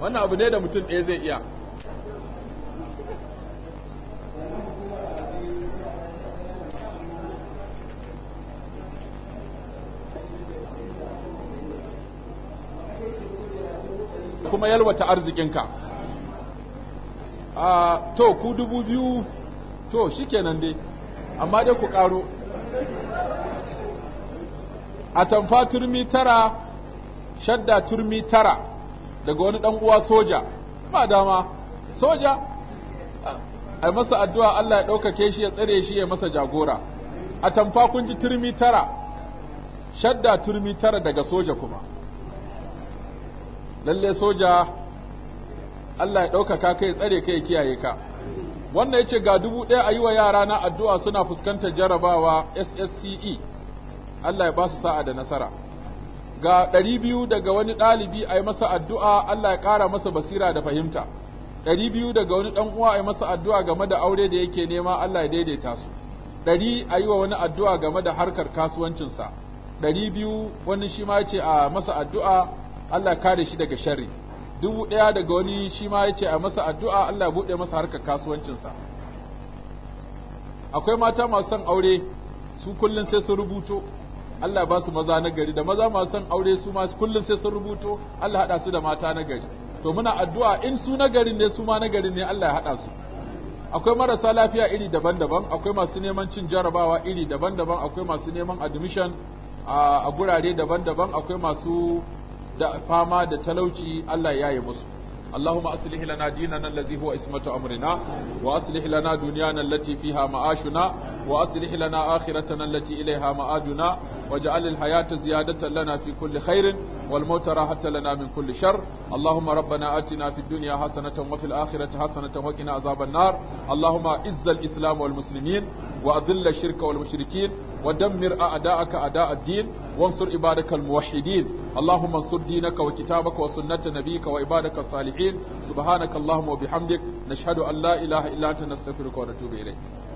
wannan abu ne da mutum ɗaya zai iya kuma yalwata arzikinka a ah, to ku dubu biyu to shikenan dai amma dai ku karo a tamfa turmi tara shadda turmi tara daga wani dan uwa soja ba dama soja a masa addu'a Allah ya ɗaukake shi ya tsare shi ya masa jagora a tamfa kun ji turmi tara shadda turmi tara daga soja kuma lalle soja Allah ya ɗaukaka kai tsare kai kiyaye ka wannan ce ga dubu ɗaya a yi wa yara na addu'a suna fuskantar jarabawa SSCE Allah ya ba su sa'a da nasara ga ɗari biyu daga wani ɗalibi a yi masa addu'a Allah ya ƙara masa basira da fahimta ɗari biyu daga wani ɗan uwa a yi masa addu'a game da aure da yake nema Allah ya daidaita su ɗari a yi wa wani addu'a game da harkar kasuwancinsa ɗari biyu wani shi ma ce a masa addu'a Allah kare shi daga sharri dubu ɗaya daga wani shi ma ya ce a masa addu'a Allah buɗe masa harkar kasuwancinsa akwai mata masu son aure su kullum sai sun rubuto Allah ba su maza na gari da maza masu son aure su ma kullum sai sun rubuto Allah haɗa su da mata na gari to muna addu'a in su na gari ne su ma na gari ne Allah ya haɗa su akwai marasa lafiya iri daban-daban akwai masu neman cin jarabawa iri daban-daban akwai masu neman admission a gurare daban-daban akwai masu da fama da talauci Allah ya yi musu اللهم أصلح لنا ديننا الذي هو اسمة أمرنا وأصلح لنا دنيانا التي فيها معاشنا وأصلح لنا آخرتنا التي إليها مآدنا واجعل الحياة زيادة لنا في كل خير والموت راحة لنا من كل شر اللهم ربنا آتنا في الدنيا حسنة وفي الآخرة حسنة وقنا عذاب النار اللهم عز الإسلام والمسلمين وأذل الشرك والمشركين ودمر أعداءك أعداء الدين وانصر عبادك الموحدين اللهم انصر دينك وكتابك وسنة نبيك وعبادك الصالحين سبحانك اللهم وبحمدك نشهد أن لا إله إلا أنت نستغفرك ونتوب إليك